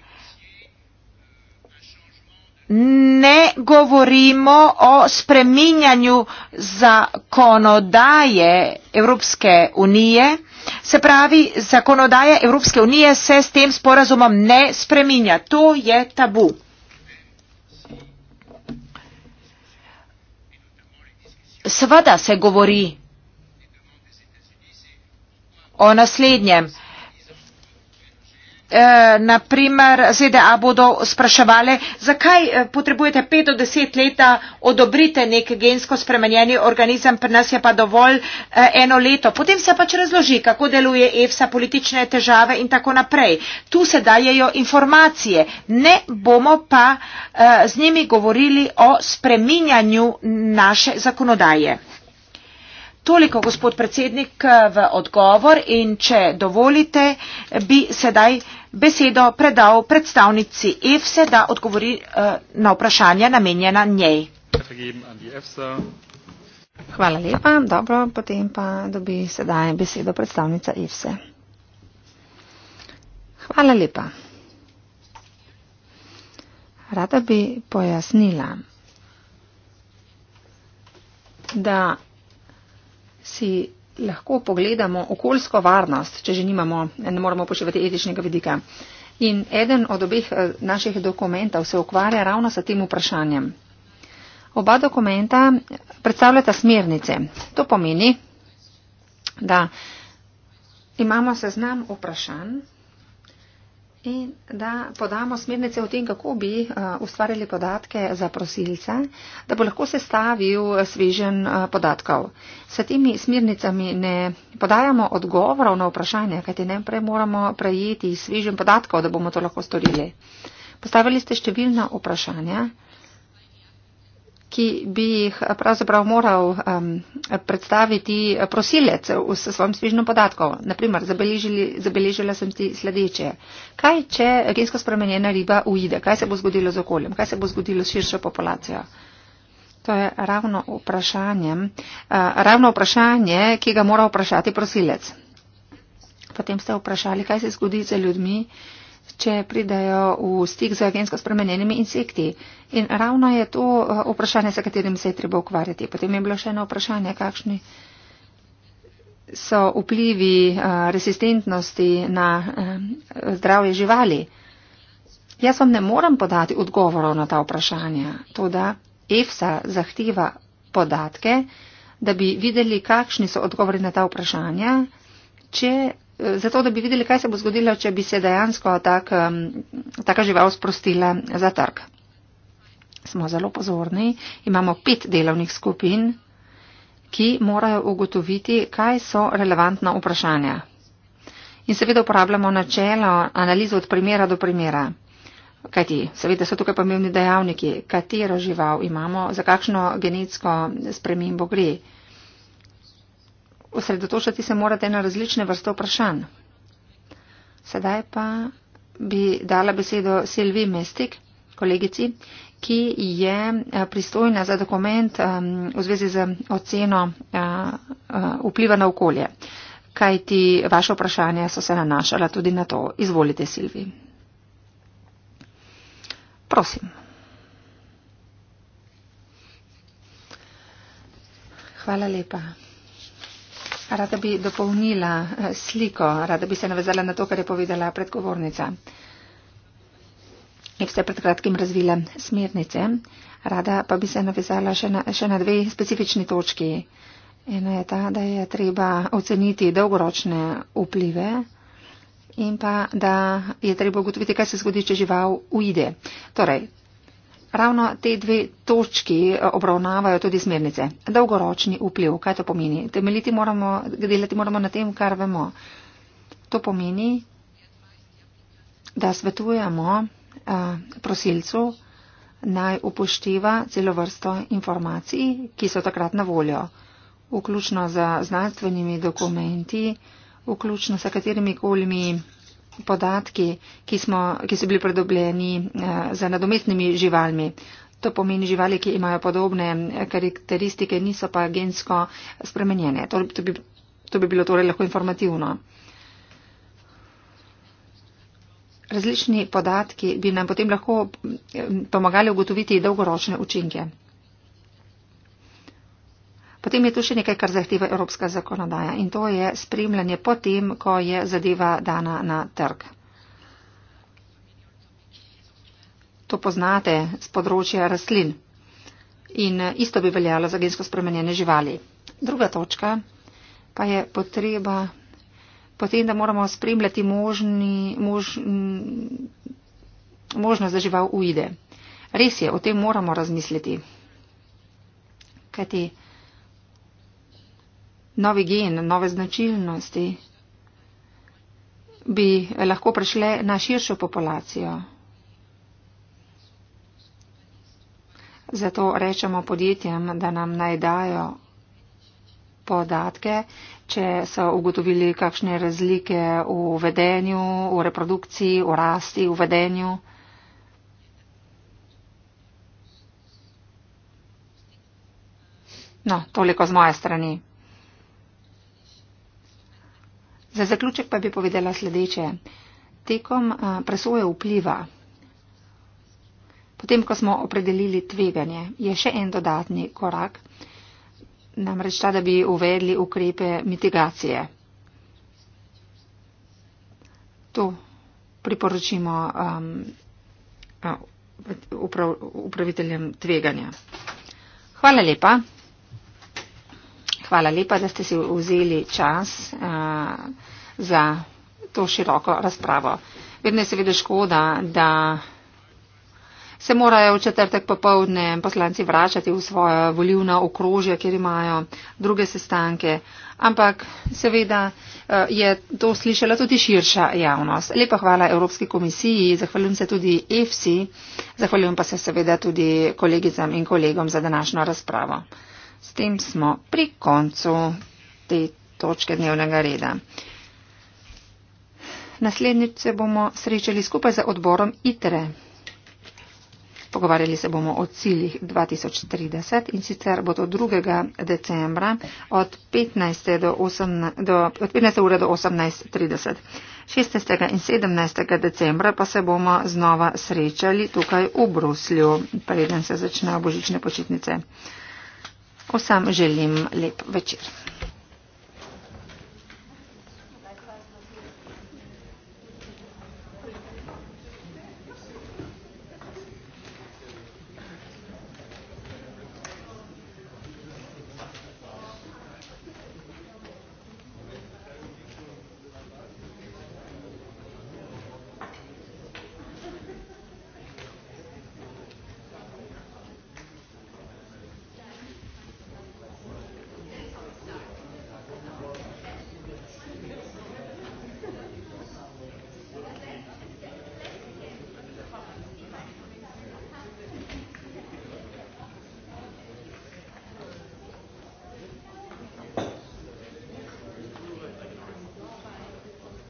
ne govorimo o spreminjanju zakonodaje Evropske unije. Se pravi, zakonodaja Evropske unije se s tem sporazumom ne spreminja. To je tabu. Seveda se govori o naslednjem. Eh, naprimer ZDA bodo spraševali, zakaj eh, potrebujete 5 do 10 let, da odobrite nek gensko spremenjeni organizem, pri nas je pa dovolj eh, eno leto. Potem se pač razloži, kako deluje EFSA, politične težave in tako naprej. Tu se dajejo informacije. Ne bomo pa z njimi govorili o spreminjanju naše zakonodaje. Toliko, gospod predsednik, v odgovor in če dovolite, bi sedaj besedo predal predstavnici EFSE, da odgovori eh, na vprašanja namenjena njej. Hvala lepa. Dobro, potem pa dobi sedaj besedo predstavnica EFSE. Hvala lepa. Rada bi pojasnila, da si lahko pogledamo okoljsko varnost, če že nimamo, ne moremo upoštevati etičnega vidika. In eden od obeh eh, naših dokumentov se ukvarja ravno s tem vprašanjem. Oba dokumenta predstavljata smernice. To pomeni, da imamo seznam vprašanj, in da podamo smernice o tem, kako bi eh, ustvarili podatke za prosilca, da bo lahko sestavil eh, svežen eh, podatkov. S temi smernicami ne podajamo odgovorov na vprašanje, kajti ne prej moramo prejeti svežen podatkov, da bomo to lahko storili. Postavili ste številna vprašanja ki bi jih eh, pravzaprav moral um, predstaviti eh, prosilec s svojim svižnom podatkom. Naprimer, zabeležila sem ti sledeče. Kaj, če gensko spremenjena riba ujde? Kaj se bo zgodilo z okoljem? Kaj se bo zgodilo s širšo populacijo? To je ravno vprašanje, uh, ravno vprašanje, ki ga mora vprašati prosilec. Potem ste vprašali, kaj se zgodi z ljudmi, uh, če pridajo v stik z gensko spremenjenimi insekti. In ravno je to eh, vprašanje, s katerim se je treba ukvarjati. Potem je bilo še eno vprašanje, kakšni so vplivi eh, resistentnosti na eh, zdravje živali. Jaz vam ne moram podati odgovorov na ta vprašanja. To, da EFSA zahteva podatke, da bi videli, kakšni so odgovori na ta vprašanja, če zato, da bi videli, kaj se bo zgodilo, če bi se dejansko tak, taka žival sprostila za trg. Smo zelo pozorni, imamo pet delovnih skupin, ki morajo ugotoviti, kaj so relevantna vprašanja. In seveda uporabljamo načelo analize od primera do primera. Kajti, seveda so tukaj pomembni dejavniki, katero žival imamo, za kakšno genetsko spremembo gre osredotočati se morate na različne vrste vprašanj. Sedaj pa bi dala besedo Silvi Mestik, kolegici, ki je eh, pristojna za dokument v zvezi z oceno eh, eh, vpliva na okolje. Kaj ti vaše vprašanje so se nanašala tudi na to? Izvolite, Silvi. Prosim. Hvala lepa. Rada bi dopolnila eh, sliko, rada bi se navezala na to, kar je povedala predgovornica. Je vse pred kratkim razvila smernice, rada pa bi se navezala še na, še na dve specifični točki. Ena je ta, da je treba oceniti dolgoročne vplive in pa, da je treba ugotoviti, kaj se zgodi, če žival uide. Torej, Ravno te dve točki eh, obravnavajo tudi smernice. Dolgoročni vpliv, kaj to pomeni? Temeljiti moramo, delati moramo na tem, kar vemo. To pomeni, da svetujemo eh, prosilcu, naj upošteva celo vrsto informacij, ki so takrat na voljo, vključno z znanstvenimi dokumenti, vključno s katerimi kolmi podatki, ki, smo, ki so bili predobljeni eh, z nadomestnimi živalmi. To pomeni živali, ki imajo podobne eh, karakteristike, niso pa gensko spremenjene. To, to, bi, to bi bilo torej lahko informativno. Različni podatki bi nam potem lahko eh, pomagali ugotoviti dolgoročne učinke. Potem je tu še nekaj, kar zahteva evropska zakonodaja in to je spremljanje potem, ko je zadeva dana na trg. To poznate z področja rastlin in isto bi veljalo za gensko spremenjene živali. Druga točka pa je potreba potem, da moramo spremljati možni, mož, možnost, da žival ujde. Res je, o tem moramo razmisliti. Kajti, novi gen, nove značilnosti bi lahko prišle na širšo populacijo. Zato rečemo podjetjem, da nam naj dajo podatke, če so ugotovili kakšne razlike v vedenju, v reprodukciji, v rasti, v vedenju. No, toliko z moje strani. Za zaključek pa bi povedala sledeče. Tekom eh, presoje vpliva, potem, ko smo opredelili tveganje, je še en dodatni korak, namreč ta, da bi uvedli ukrepe mitigacije. To priporočimo um, uprav, upraviteljem tveganja. Hvala lepa. Hvala lepa, da ste si vzeli čas uh, za to široko razpravo. Vedno je seveda škoda, da se morajo v četrtek popovdne poslanci vračati v svoje volivna okrožja, kjer imajo druge sestanke. Ampak seveda eh, je to slišala tudi širša javnost. Lepa hvala Evropski komisiji, zahvaljujem se tudi EFSI, zahvaljujem pa se seveda tudi kolegicam in kolegom za današnjo razpravo. S tem smo pri koncu te točke dnevnega reda. Naslednjič se bomo srečali skupaj z odborom ITRE. Pogovarjali se bomo o ciljih 2030 in sicer bo to 2. decembra od 15. Do 8, do, od 15. ure do 18.30. 16. in 17. decembra pa se bomo znova srečali tukaj v Bruslju, preden se začnejo božične počitnice. Vsem želim lep večer.